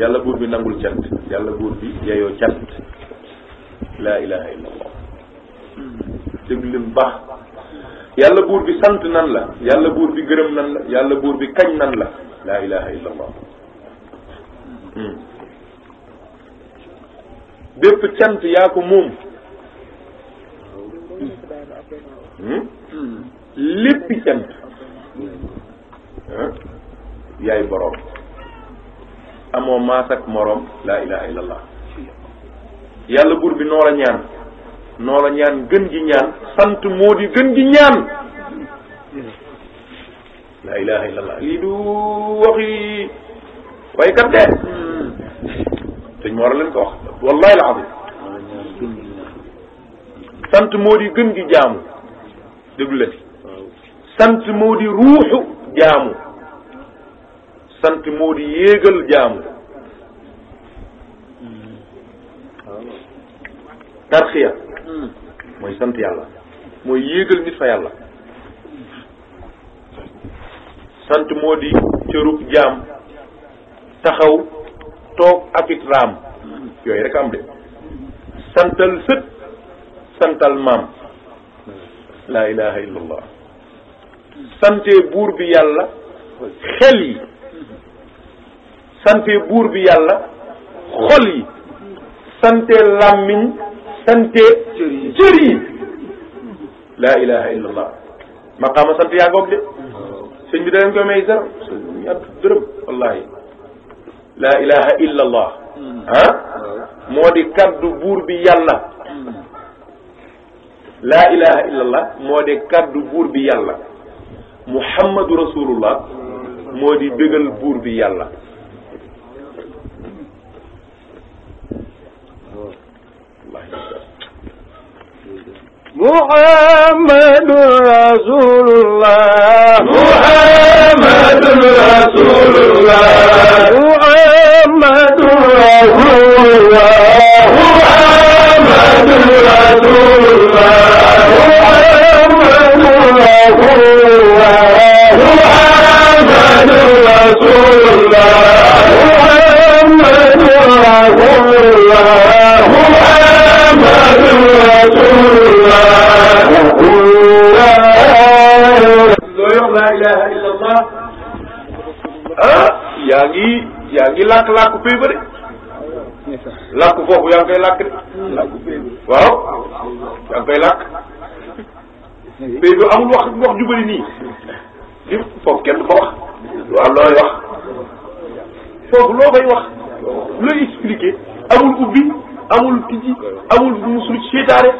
yàlla buur bi nangul cant yàlla buur bi yeyoo cant laa ilaha illallah déglu leen baax yàlla buur bi sant nan la yàlla buur bi gërëm nan la yàlla buur bi kañ nan la laa ilaha illallah hmm. bépp cant yaa ko moom hmm? léppi cant yaay boroom amoo maas ak moroom laa ilaha illallah yàlla buur bi noo ñaan noo ñaan gën gi ñaan sant moo di gën gi ñaan laa ilaha illallah lii du waxi waykat de dañ ma war gën gi jaamu déglu sant moo di ruuxu jaamu sant moo di yéegal jaamu tarxiya mooy sant yàlla mooy yéegal nit fa yàlla sant moo di cërub jaam taxaw toog akit raam yooyu rek am de santal sët santal maam laa ilaha illa sante buur bi yàlla xel yi sante buur bi yàlla xol yi sante làmmiñ sante cër yi laa ilaha illa allah sant yaa ngoog de sëñ bi daleen koy may zar ñu ab dërëm wallahi laa ilaha illa allah ah? moo di kaddu buur bi yàlla laa ilaha moo di kaddu buur bi yàlla muhammadu rasulullah moo di bégal buur bi yàlla muhammadu rasulullah muhammadu rasulullah muhammadu rasulullah muhammadu rasulullah Ah, yaa ngi yaa ngi làkk làkk péy ba de làkk foofu yaa ngi koy làkk de waaw yaa ngi koy làkk péy ba amul wax wax ju bëri nii li foofu kenn du ko wax waaw looy wax foofu loo koy wax looy expliquer amul ubbi amul tijji amul musul seytaane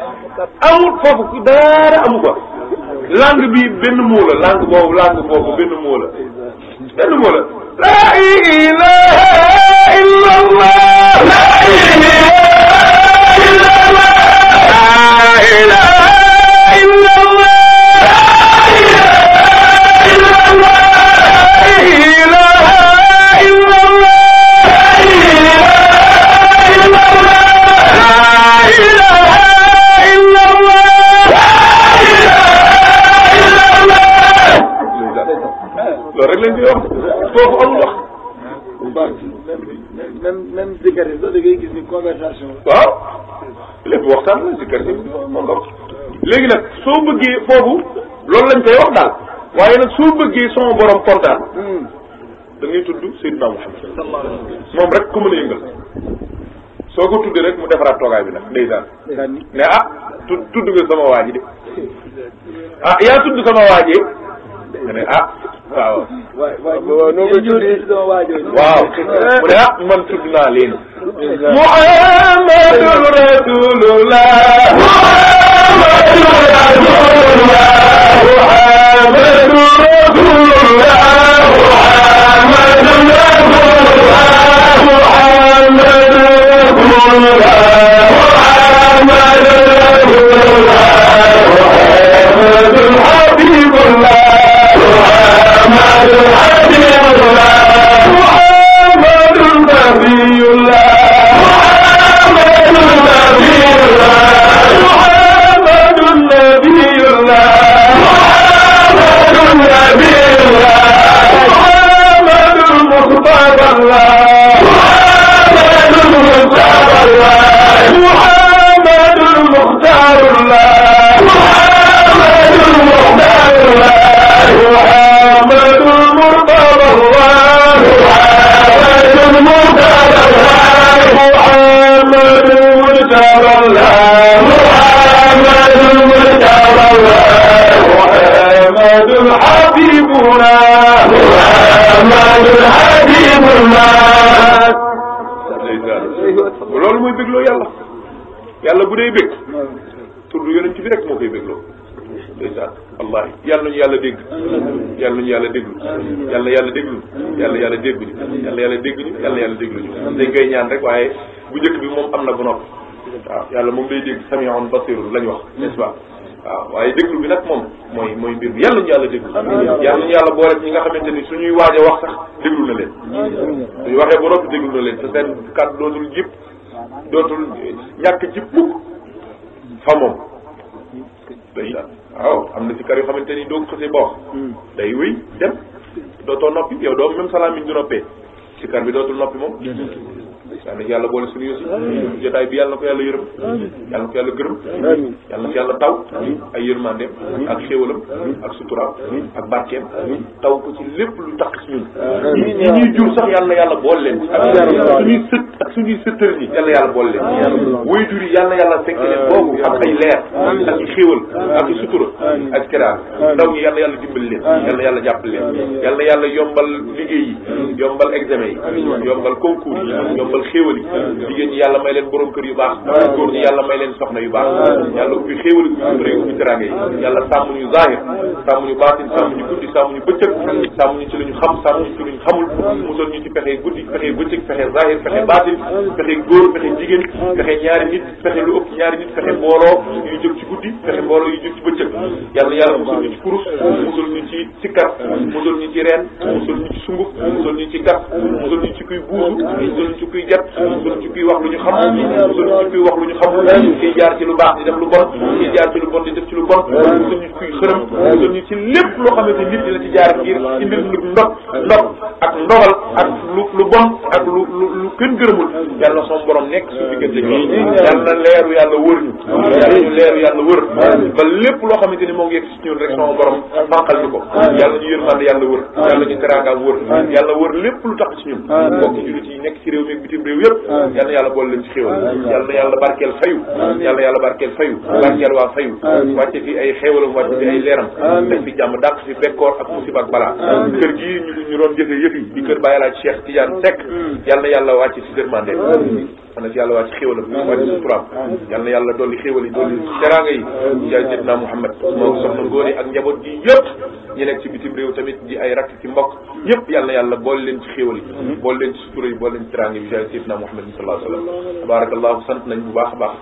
amul foofu dara amu ko langue bi benn moo la boobu langue boobu benn moo la benn moo la la ilaha illa allah la ilaha illa allah loolu rek leen di yomb foofu amul wax. même même même gis ni conversation la. waaw lépp waxtaan la léegi nag soo bëggee foofu loolu lañ koy wax daal waaye nag soo bëggee sama borom kontaan. Hmm. da ngay tudd Seydina Muhammad moom rek ku mën a yëngal soo ko tuddee rek mu defaraat toogaay bi nag ndeysaan ne ah tu tudd nga sama waa de ah yaa tudd sama waa ji ne ah waaw waaw noo koy tuddee waaw ah man tudd naa leen. Muhammadun Rasulullah. Muhammadun Rasulullah. Muhammadun Rasulullah. Muhammadun Rasulullah. Muhammadun Rasulullah. Muhammadun Rasulullah. yàlla dégg yàlla nañu yàlla déglu yàlla na yàlla yàlla yàlla dégguñu yàlla yàlla dégguñu yàlla yàlla koy ñaan rek waaye bu njëkk bi moom am na bu noppi yàlla moom day dégg samion basiru lañ wax n'est-ce pas waaw waaye déglu bi nag moom mooy mooy mbir bi yàlla ñu yàlla déglu yàlla ñu yàlla boole ñi nga xamante ni su waaj a wax sax déglu na leen suñu waxee ba noppi déglu na leen te seen kàddu dootul jip dootul ñàkk jip mukk fa moom waaw am na sikar yoo xamante ni doo ni xasee ba wax hmm. day wéy dem dootoo noppi yow doo même salaam yi du noppee sikar bi dootul noppi moom hmm. yàlla na yàlla boole suñu aussi hmm. jotaay bi yàlla na ko yàlla yërëm yàlla na ko yàlla gërëm yàlla na ko yàlla taw ay yërmandeem ak xéewalam ak suturaam ak barkeem taw ko ci lépp lu tax ñun ñi ñuy jur sax yàlla yàlla boole leen ak sët ak suñuy sëtër yi yal na yàlla boole leen waajur yi yal na yàlla fekk leen boobu am ay leer ak i xéewal ak i sutura ak kiraar ndaw ñi yal na yàlla dimbali leen yal na yàlla jàppale leen yal na yàlla yombal liggéey yi yombal examen yi yombal concours yi yombal xéewal yi jigéen ñi yàlla may leen borom kër yu baax góor ñi yàlla may leen soxna yu baax yàlla ubbi xéewal yi réew ubbi teraanga yi yàlla sàmm ñu zahir sàmm ñu baatin sàmm ñu guddi sàmm ñu bëccëg sàmm Talib fexe góor fexe jigéen fexe ñaari nit fexe lu ëpp ñaari nit fexe mbooloo yu jóg ci guddi fexe mbooloo yu jóg ci bëccëg yàlla yàlla musul ñu ci kurus musul ñu ci sikkar musul ñu ci reen musul ñu kuy buusu musul ñu ci kuy jat musul ñu ci kuy wax lu ñu xam musul ñu ci kuy wax lu ñu xam kiy jaar ci lu baax di def lu bon kiy jaar ci lu bon di def ci lu bon musul ñu ci kuy xërëm musul ñu ci lépp loo xamante nit dina ci jaar ngir ci mbir lu ndog ndog ak ndogal ak wërul yàlla son borom nekk su diggante ñoom yàlla na leeru yàlla wër ñu yàlla ñu leeru yàlla wër ba lépp loo xamante ni moo ngi yegg si ñun rek son borom fànqal ñu ko yàlla ñu yërmande yàlla wër yàlla ñu teraangaam wër yàlla wër lépp lu tax ci ñun bokk jullit yi nekk ci réew mi ak bitim réew yëpp yàlla na yàlla boole leen ci xéewal yàlla na yàlla barkeel fayu yàlla yàlla barkeel fayu barkeel waa fayu wàcce fi ay xéewalam wàcce fi ay leeram def fi jàmm dàq fi bekkoor ak musiba ak balaa kër gii ñu doon jëfe yëf yi di kër bàyyi yërmande fan na si yàlla wàcc xéwalam wàcc suturaam yal na yàlla dolli xéwal yi dolli teraanga yi jaay sidna Muhammad moom soxna ngóor ak njaboot gi yëpp ñi nekk ci bitim réew tamit di ay rakk ci mbokk yëpp yal na yàlla boole leen ci xéwal yi boole leen ci sutura yi boole leen ci teraanga yi jaay sidna Muhammad sallallahu alayhi wa sallam sant nañ bu baax a baax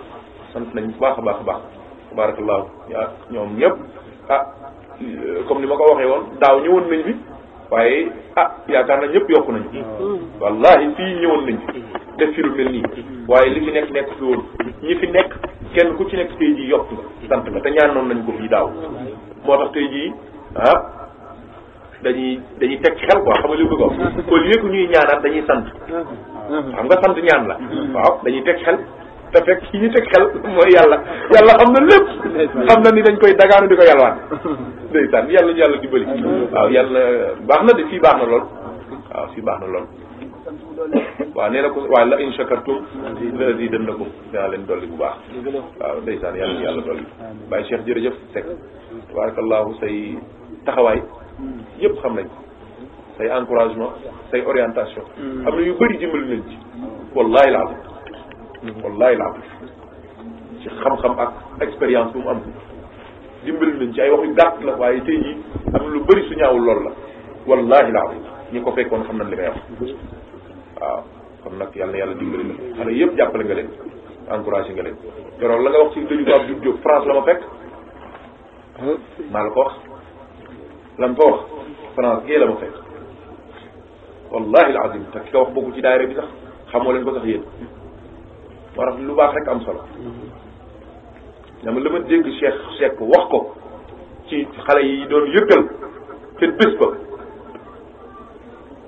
sant nañ bu baax a baax a baax tabarakallahu yaa ñoom ñëpp ah comme li ma ko waxee woon daaw ñëwoon waaye ah yaakaar na ñëpp yokku nañu hmm. wallahi fii ñëwoon nañu hmm. def fi lu mel nii hmm. waaye li fi nekk nekk fi woon ñi fi nekk kenn ku ci nekk tey yokk nga sant nga te ñaanoon nañ ko fii daaw moo tax tey jii ah dañuy dañuy teg ci xel quoi xam nga li bëgg a wax au ñuy ñaanaat dañuy sant xam nga sant ñaan la waaw dañuy teg xel te fekk ki ñu teg xel mooy yàlla yàlla xam na lépp xam na ni dañ koy dagaanu di ko yalwaan ndeysaan yàlla ñu yàlla dimbali waaw yàlla baax na de fii baax na lool waaw fii baax na lool waaw nee na ko waaye la in shakartum la azidannakum dinaa leen dolli bu baax waaw ndeysaan yàlla ñu yàlla dolli bàyyi Cheikh jërëjëf Seck tabarakallahu say taxawaay yëpp xam nañ ko say encouragement say orientation am na yu bëri dimbali nañ ci wallahi laa wallaay laa ci xam-xam ak expérience bu mu am dimbali nañ ci ay wax yu gàtt la waaye tey jii am lu bari su ñaawul lool la wallahi laa ñi ko fekkoon xam na li may wax waaw kon nag yàlla yàlla dimbali la xale yëpp jàppale nga leen encouragé nga leen keroog la nga wax ci dëju Pape Diouf Diop France la ma fekk maa la ko wax lan ko wax France gii la ma fekk wallahi alazim te ki ko wax bokku ci daayira bi sax xamoo leen ko sax yéen moo lu baax rek am solo dama la ma dégg Cheikh ko wax ko ci xale yi doon yëkkal seen bés ba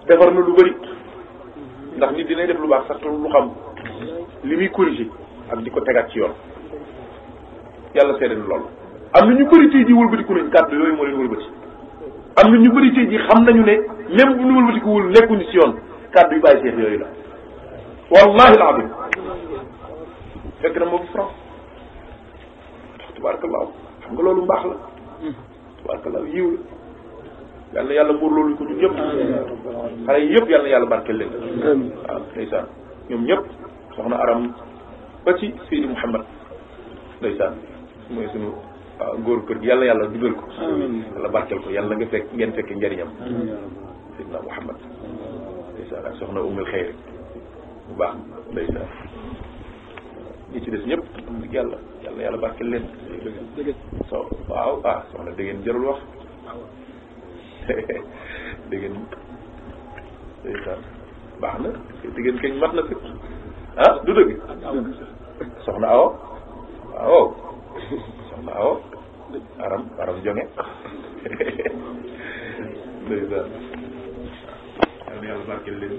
defar na lu bari ndax nit dina def lu baax sax te lu xam li muy corrigé ak di ko tegaat ci yoon yàlla seede na loolu am na ñu bëri tey ji wëlbatiku nañ kàddu yooyu moo leen wëlbati am na ñu bëri tey ji xam nañu ne même bu ñu wëlbatikuwul nekkuñu ci yoon kàddu yu bàyyi seex yooyu la wallahi alazim fekk na boobu France tubaarkallaaw xam nga loolu mbaax la tubaarkallaaw yiw la yàlla na yàlla mbuur loolu ko ñun ñëpp xale yëpp yàlla na yàlla barkeel leen waaw ndeysaan ñoom ñëpp soxna aram ba ci Seydi Mouhamad ndeysaan mooy sunu waaw góor kër gi yàlla yàlla dugal ko yàlla barkeel ko yàlla nga fekk ngeen fekk njëriñam Seydina Mouhamad ndeysaan ak soxna umul xeyri bu baax ndeysaan ñi ci des ñëpp am dëgg yàlla leen so waaw ah soxna dëggeen jarul wax dëggeen ndeysaan baax na dëggeen kañ mat na fi ah du dëgg soxna awo waaw soxna awo aram aram jonge ndeysaan yàlla barkeel leen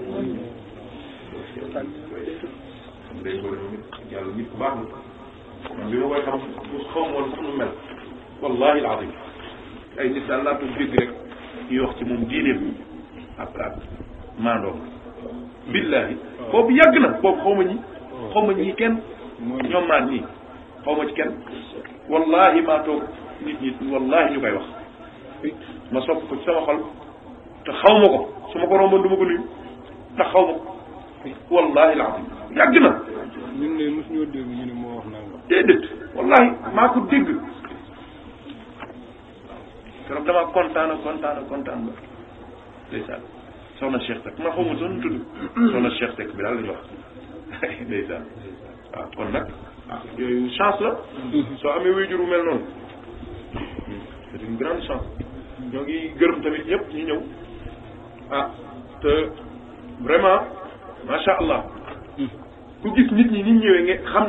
ndey Kouré baax la man bi ma xaw ma woon fu mu mel wallahi alazim ay nit daal laa ko dégg rek ñuy wax ci moom diineem ak ak boobu yàgg na boobu xaw ma ñi. xaw ma ñi kenn. ñoom maan ñii xaw ma ci kenn. wallahi maa toog nit ñi wallahi ñu koy wax. ma sopp ko ci sama xol te xaw ko su ma ko romboon du ma ko nuyu te xaw ma ko wallahi alazim yàgg na. ñun de mosuñoo dégg ñu ne moo wax nangam. déedéet wallahi maa ko dégg. keroog damaa kontaan ak kontaan ak kontaan ba. ndeysaan soxna Cheikh Seck ma xamul soxna tudd. soxna Cheikh Seck bi daal la ñu wax ndeysaan waaw kon nag. Ah, chance la. soo amee wéyjur bu mel noonu. c'est une grande chance. ñoo ngi gërëm tamit ñëpp ñu ñëw. ah te vraiment macha allah. ku gis nit ñi ni ñëwee nga xam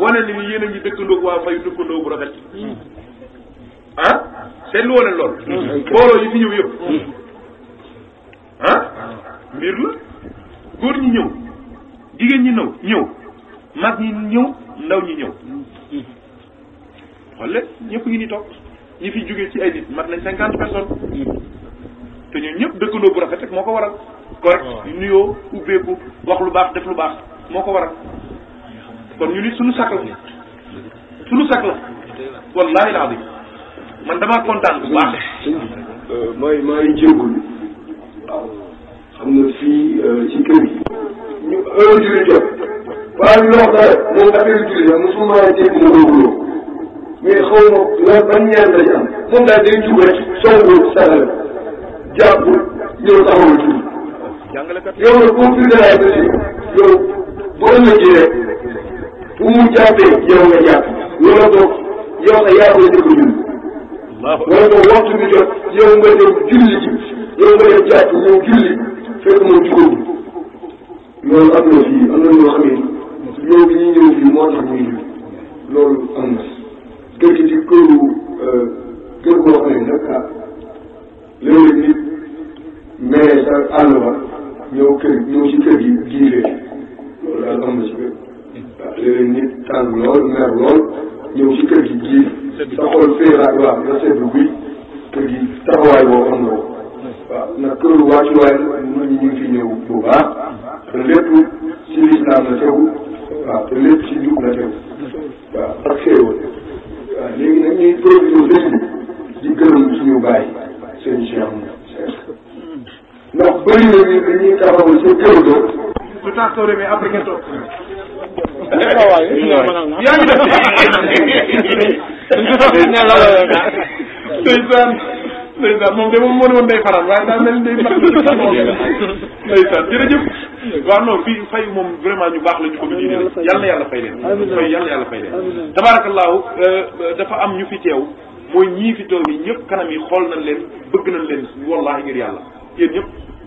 wane ni yéen a ngi dëkkandoog waa fayu dëkkandoo bu rafet ah seetlu woon ne lool mm. mm. booloo yi fi ñëw yëpp mm. ah mbir la góor ñi ñëw jigéen ñi ñëw ñëw mag ñi ñëw ndaw ñi ñëw xolle ñëpp ngi ni toog ñi fi jógee ci ay nit mat nañ cinquante personnes te ñun ñëpp dëkkandoo bu rafet rek moo ko waral correct oh. nuyoo ubbeeku wax lu baax def lu baax moo ko waral kon ñu ni suñu sakk la suñu sakk la wallaahi laa bi man damaa kontaan bu baax. Euh, mooy mooy jéegul waaw xam nga fii euh, ci kër gi. ñu heure julli jot. waaye ñu wax dara moom affaire julli jot mosuma dégg mu góorgóorlu mais xaw ma lan ban ñaan la ñu am moom daal day jug rek songul sagal jàpp ñëw taxawal julli yow nag boo firnde laay yow. bu ëllëgee rek bu mu jàppee yow nga jàpp wala boog yow nga bi jot yow nga ji yow nga dem jàpp ñëw julli fekk moom jugóobu loolu am na fii am na ñoo xam ne yow bi ñuy ñëw fii moo tax muy julli gi di këru euh, kër goo xam ne nag ah léeg-léeg nit mais sa àll ba ñëw kër ñëw ci gi jiite loolu daal am na ci kër waaw léeg-léeg nit tàng lool mer lool ñëw ci kër gi gii sa xol féeraat waaw nga seetlu guy kër gi taxawaay boobu am na ko waaw nag këru wàccuwaay nit ñi ñu ngi fi ñëw bu baax te lépp ci lislaam la tegu te lépp ci njub la tegu waaw ak xéewal waaw léegi nag ñuy profité dëkk bi di gërëm suñu bàyyi seen Cheikh ndax bëri na ñi dañuy taxawal sa kër lu tax soo demee après ngeen toog. yaa ngi moom moo ne woon day faral waaye daa mel day faral ndeysaan jërëjëf waaw non fii fay moom vraiment ñu baax la ko bi yàlla na fay leen fay yàlla na yàlla fay leen tabaarakallaahu euh, dafa am ñu fi teew mooy ñii fi teew yi ñëpp kanam yi xool nañ leen bëgg na leen wallahi ngir yàlla yéen ñëpp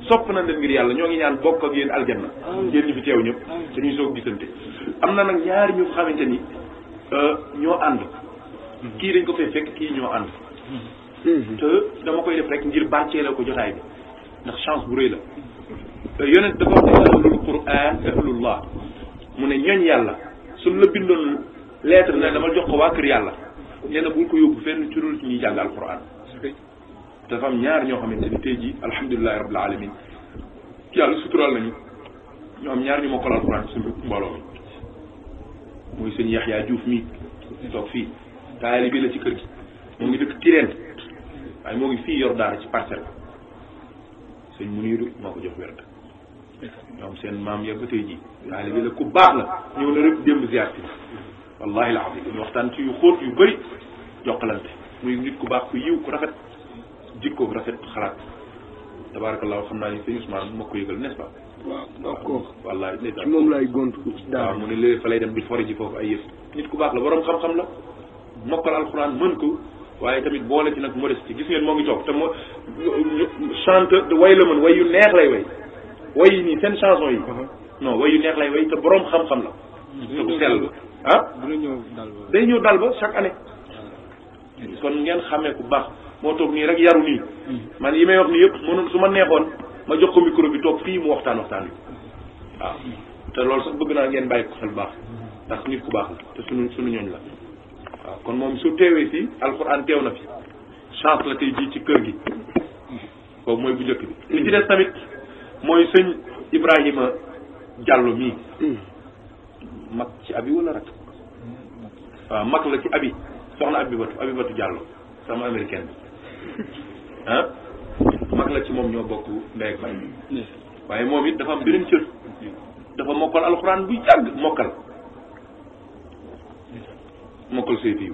sopp na leen ngir yàlla ñoo ngi ñaan bokk ak yéen aljanna ngeen ñu fi teew ñëpp dañuy soog gisante am na nag ñaar ñu xamante ni euh, ñoo ànd hmm. kii dañ ko fekk kii ñoo ànd hmm. Hmm. te dama koy def rek ngir barkeeloo ko jotaay bi ndax chance bu rëy la euh, yonent dafa wax ahlul quraan ahlullah mu ne ñooñ yàlla suñ la bindoon lettre ne dama jox ko waa kër yàlla nee na ko yóbbu fenn ci dul ci ñuy jàng alquran dafa am ñaar ñoo xamante ni tey jii alhamdulilahi rabbil alamin yàlla suturaal nañu ñu am ñaar ñu mokkal alxuraan suñu mbooloo mi muy sëñ Yaxya Juuf mi toog fii taali bi la ci kër gi moo ngi dëkk Tireen waaye moo ngi fii yor daara ci parcelle sëñ Muniiru moo ko jox werd ñoom seen maam ya ba tey jii taali la ku baax la ñëw na rek démb ziar si la waxtaan ci yu xóot yu bëri jokkalante muy nit ku baax ku yiw ku rafet jikkoog rafet xalaat tabaarakallaa xam naa ni sëñ Ousmane moo ko yëgal n'est-ce pas. waaw d'accord wallaay ci moom laay gontu. waaw mu ne léegi fa lay dem di fori ji foofu ay yëf. xam la mokkal alxuraan mën ko waaye tamit boole ci nag modestie gis ngeen moo ngi toog te moo chante way la mën way yu neex lay way way yi nii seen chanson yi. Uh-huh. non way yu neex lay way te borom xam-xam la. Mm-hmm. te ku sell ah? dal ba day ñëw dal ba chaque année. kon ngeen xamee ku baax. moo toog nii rek yaru nii hmm. man yi may wax nii yëpp mënoon su ma neexoon ma jox ko micro bi toog fii mu waxtaan waxtaan bi waaw te loolu sax bëgg naa ngeen bàyyi ko xel baax ndax nit ku baax la te suñu suñu ñooñ la waaw kon moom su teewee si alxuraan teew na fi chance la tey jii ci kër gi boobu mooy bu jot bi li ci des tamit mooy sëñ Ibrahima jàll mii hmm. mag ci abi wala rak hmm, waaw mag la ci abi soxna abi batu abi batu Diallo sama américaine ah mag la ci moom ñoo bokk ndey waaye moom it dafa am beneen cër dafa mokkal alxuraan bu yàgg mokkal mokkal si yi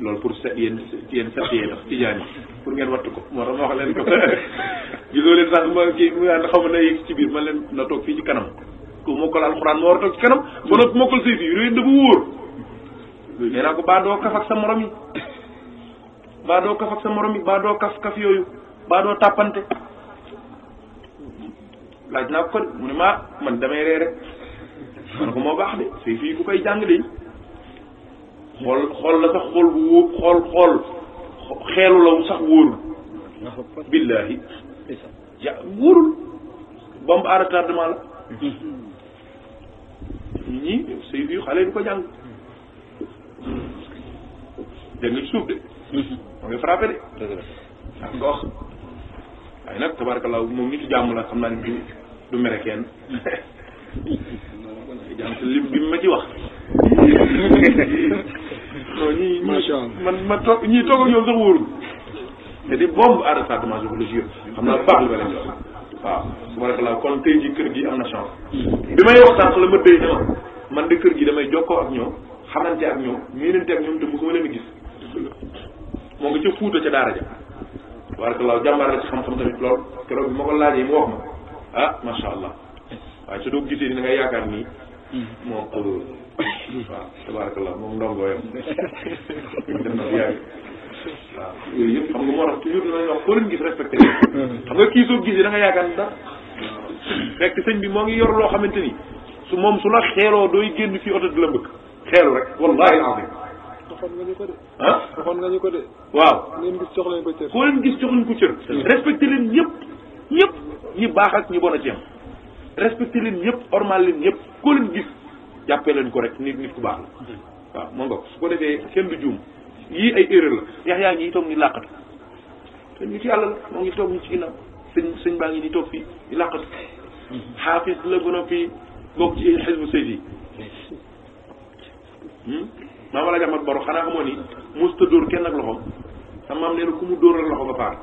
loolu pour set yéen yéen set yee tax tijaan yi pour ngeen wattu ko moo tax ma wax leen ko gisoo leen sax ma kii fii ci kanam ku mokkal alxuraan moo war a ba noppi mokkal saytu ko baa doo kaf ak sa morom yi baa doo kaf ak sa morom yi baa doo kaf kaf yooyu baa doo tàppante laaj naa ko mu ne maa man damay ree rek man ko moo baax de fii fii ku koy jàng de xool xool sax xool xeelu la sax wóorul billaahi ja wóorul bombe à retardement la ñi ñii sëy fii xale du ko jàng dégg nga suuf de moo ngi frappé de. dëgg la nga wax. moom nitu jàmm la xam du du mere kenn. bi ma ci wax. non ñii man ma toog ñii toog ak ñoom sax wóorul. te di bombe à retardement psychologique xam naa baax li ba leen jox waaw tabaarkalla kon tey jii kër gi am na chance. bi may waxtaan sax la ma dëy na man de kër gi damay jokkoo ak ñoom xamante ak ñoom miinante ak ñoom te mosuma leen a gis. moo nga ca fuuta ca daara ja barakallahu jàmbaar la ci xam-xam tamit lool keroog bi ma ko laajee mu wax ma ah, allah waaye su doo gisee ni da ngay yaakaar nii moom waaw tabarakallah moom ndongooyam dem na bu yàgg waaw yooyu yëpp xam nga moo tax toujours dinañ wax nga kii da nga yaakaar ni dara fekk sëñ bi moo ngi yor loo xamante ni su moom su la xeeloo dooy génn fii oto di la mbëkk rek wallahi azim waxoon nga ñu ko de. ah ñu ko de. waaw leen gis jox leen ko cër. koo leen gis jox leen ko cër. respecté leen ñëpp ñëpp ñi baax ak ñi bon a ci am respecté leen ñëpp ormal leen ñëpp koo leen gis jàppee leen ko rek nit nit ku baax la. waaw moo nga ko su ko defee kenn du juum yii ay erreur la. yax yaa ngi toog ñu làqatu te yàlla la moo ngi toog ñu ci ginnaaw sëñ sëñ baa ngi ni toog fii di làqatu. Mm-hmm. xaafis la gën a fi bokk ci xisbu sëy yi maam El Hadj Amat Baro xanaa xamoo ni musta dóor kenn ak loxoom sa maam nee na ku mu dóor ak loxo nga faar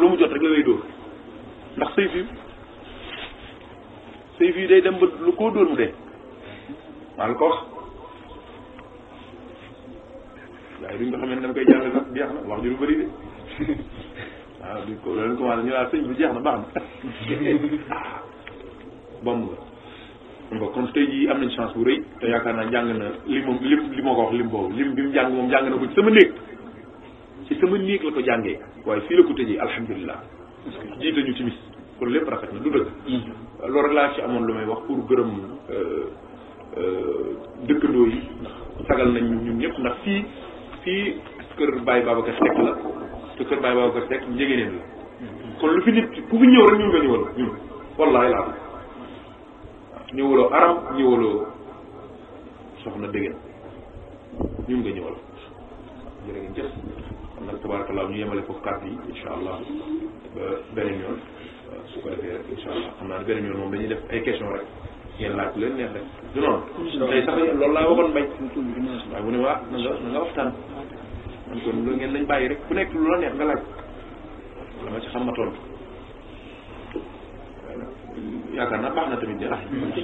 lu mu jot rek la lay dóor ndax sëy fi day dem ba lu koo mu dee maa la ko wax waaye duñ ko xam ne dama koy jàngal sax jeex na wax ju lu bëri de waaw duñ ko loolu commencé ñu laa bi jeex na baax na bomb nga nga kon tey jii am nañ chance bu rëy te yaakaar naa jàng na li moom lim li ma ko wax lim boobu lim bi mu jàng moom jàng na ko ci sama néeg ci sama néeg la ko jàngee waaye fii la ko tëjee alhamdulilah jiite ñu timis kon lépp rafet na du dëgg mm-hmm. loolu rek laa ci amoon lu may wax pour gërëm euh, euh, dëkkandoo yi ndax sagal nañ ñun ñëpp ndax fii fii kër Baye Babacar Seck la te kër Baye Babacar Seck njëgeeneen la mm-hmm. kon lu fi nit ku fi ñëw rek ñun nga ñëwal ñun wallaahi ñëwaloo arab ñëwaloo soxna dëgg ñun nga ñëwal jërë ngeen jëf kon nag tabarakallah ñu yemale foofu kàddu yi incha allah ba beneen yoon su ko allah xam naa ne beneen yoon moom dañuy def ay question rek ngeen laaj leen neex rek du noonu tey sax loolu laa waxoon mbay waaye mu ne waa na nga waxtaan man kon ngeen nañ bàyyi rek ku nekk lu la neex nga laaj la ma ci xam ma tontu yaakaar naa baax na tamit de hmm. ah. doon na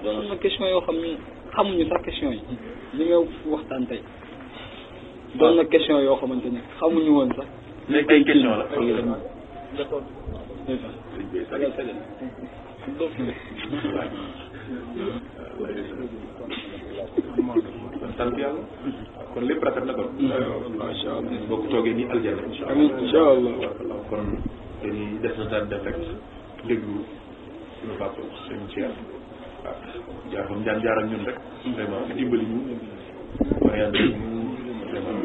doon na yoo xam ni xamuñu sax question yi. li nga waxtaan tey. Ah. doon na question yoo xamante ni xamuñu woon sax. mais ay kon lépp rafet na kon. Hmm. macha allah boo ko toogee kon dañuy def na déglu. suñu papa sëñ Thiel waaw jaar fa mu daan jaar ak ñun rek vraiment dimbali ñu waaye vraiment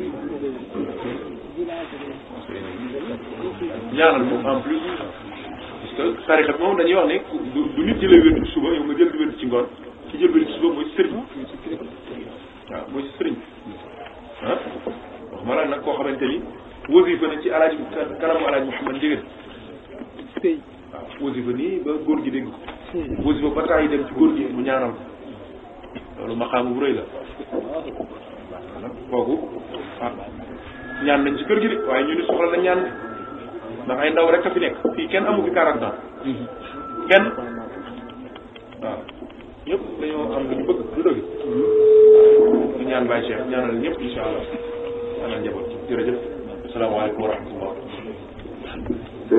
ñaanal moom en plus parce que tarixa moom dañuy wax ne du nit jëlee wérdu suba yow nga jël wérdu ci ngoon ci jël wérdu suba mooy sëriñ waaw mooy sëriñ ah wax ma la nag koo xamante ni wasifa na ci alaaj kanamu alaaj Mouhamad Ndieguène waaw wasifa nii ba góor gi dégg ko wasifa ba taay dem ci góor gi mu ñaanal ko loolu maxaamu bu rëy la kooku ah ñaan nañ ci kër gi de waaye ñu ni soxla na ñaan ndax ay ndaw rek a fi nekk fii kenn amu fi quarante kenn waaw ñëpp dañoo am lu ñu bëgg lu dëgg ñu ñaan Baye Cheikh ñaanal ñëpp incha allah ñaanal njaboot jërëjëf asalaamaaleykum wa rahmatullah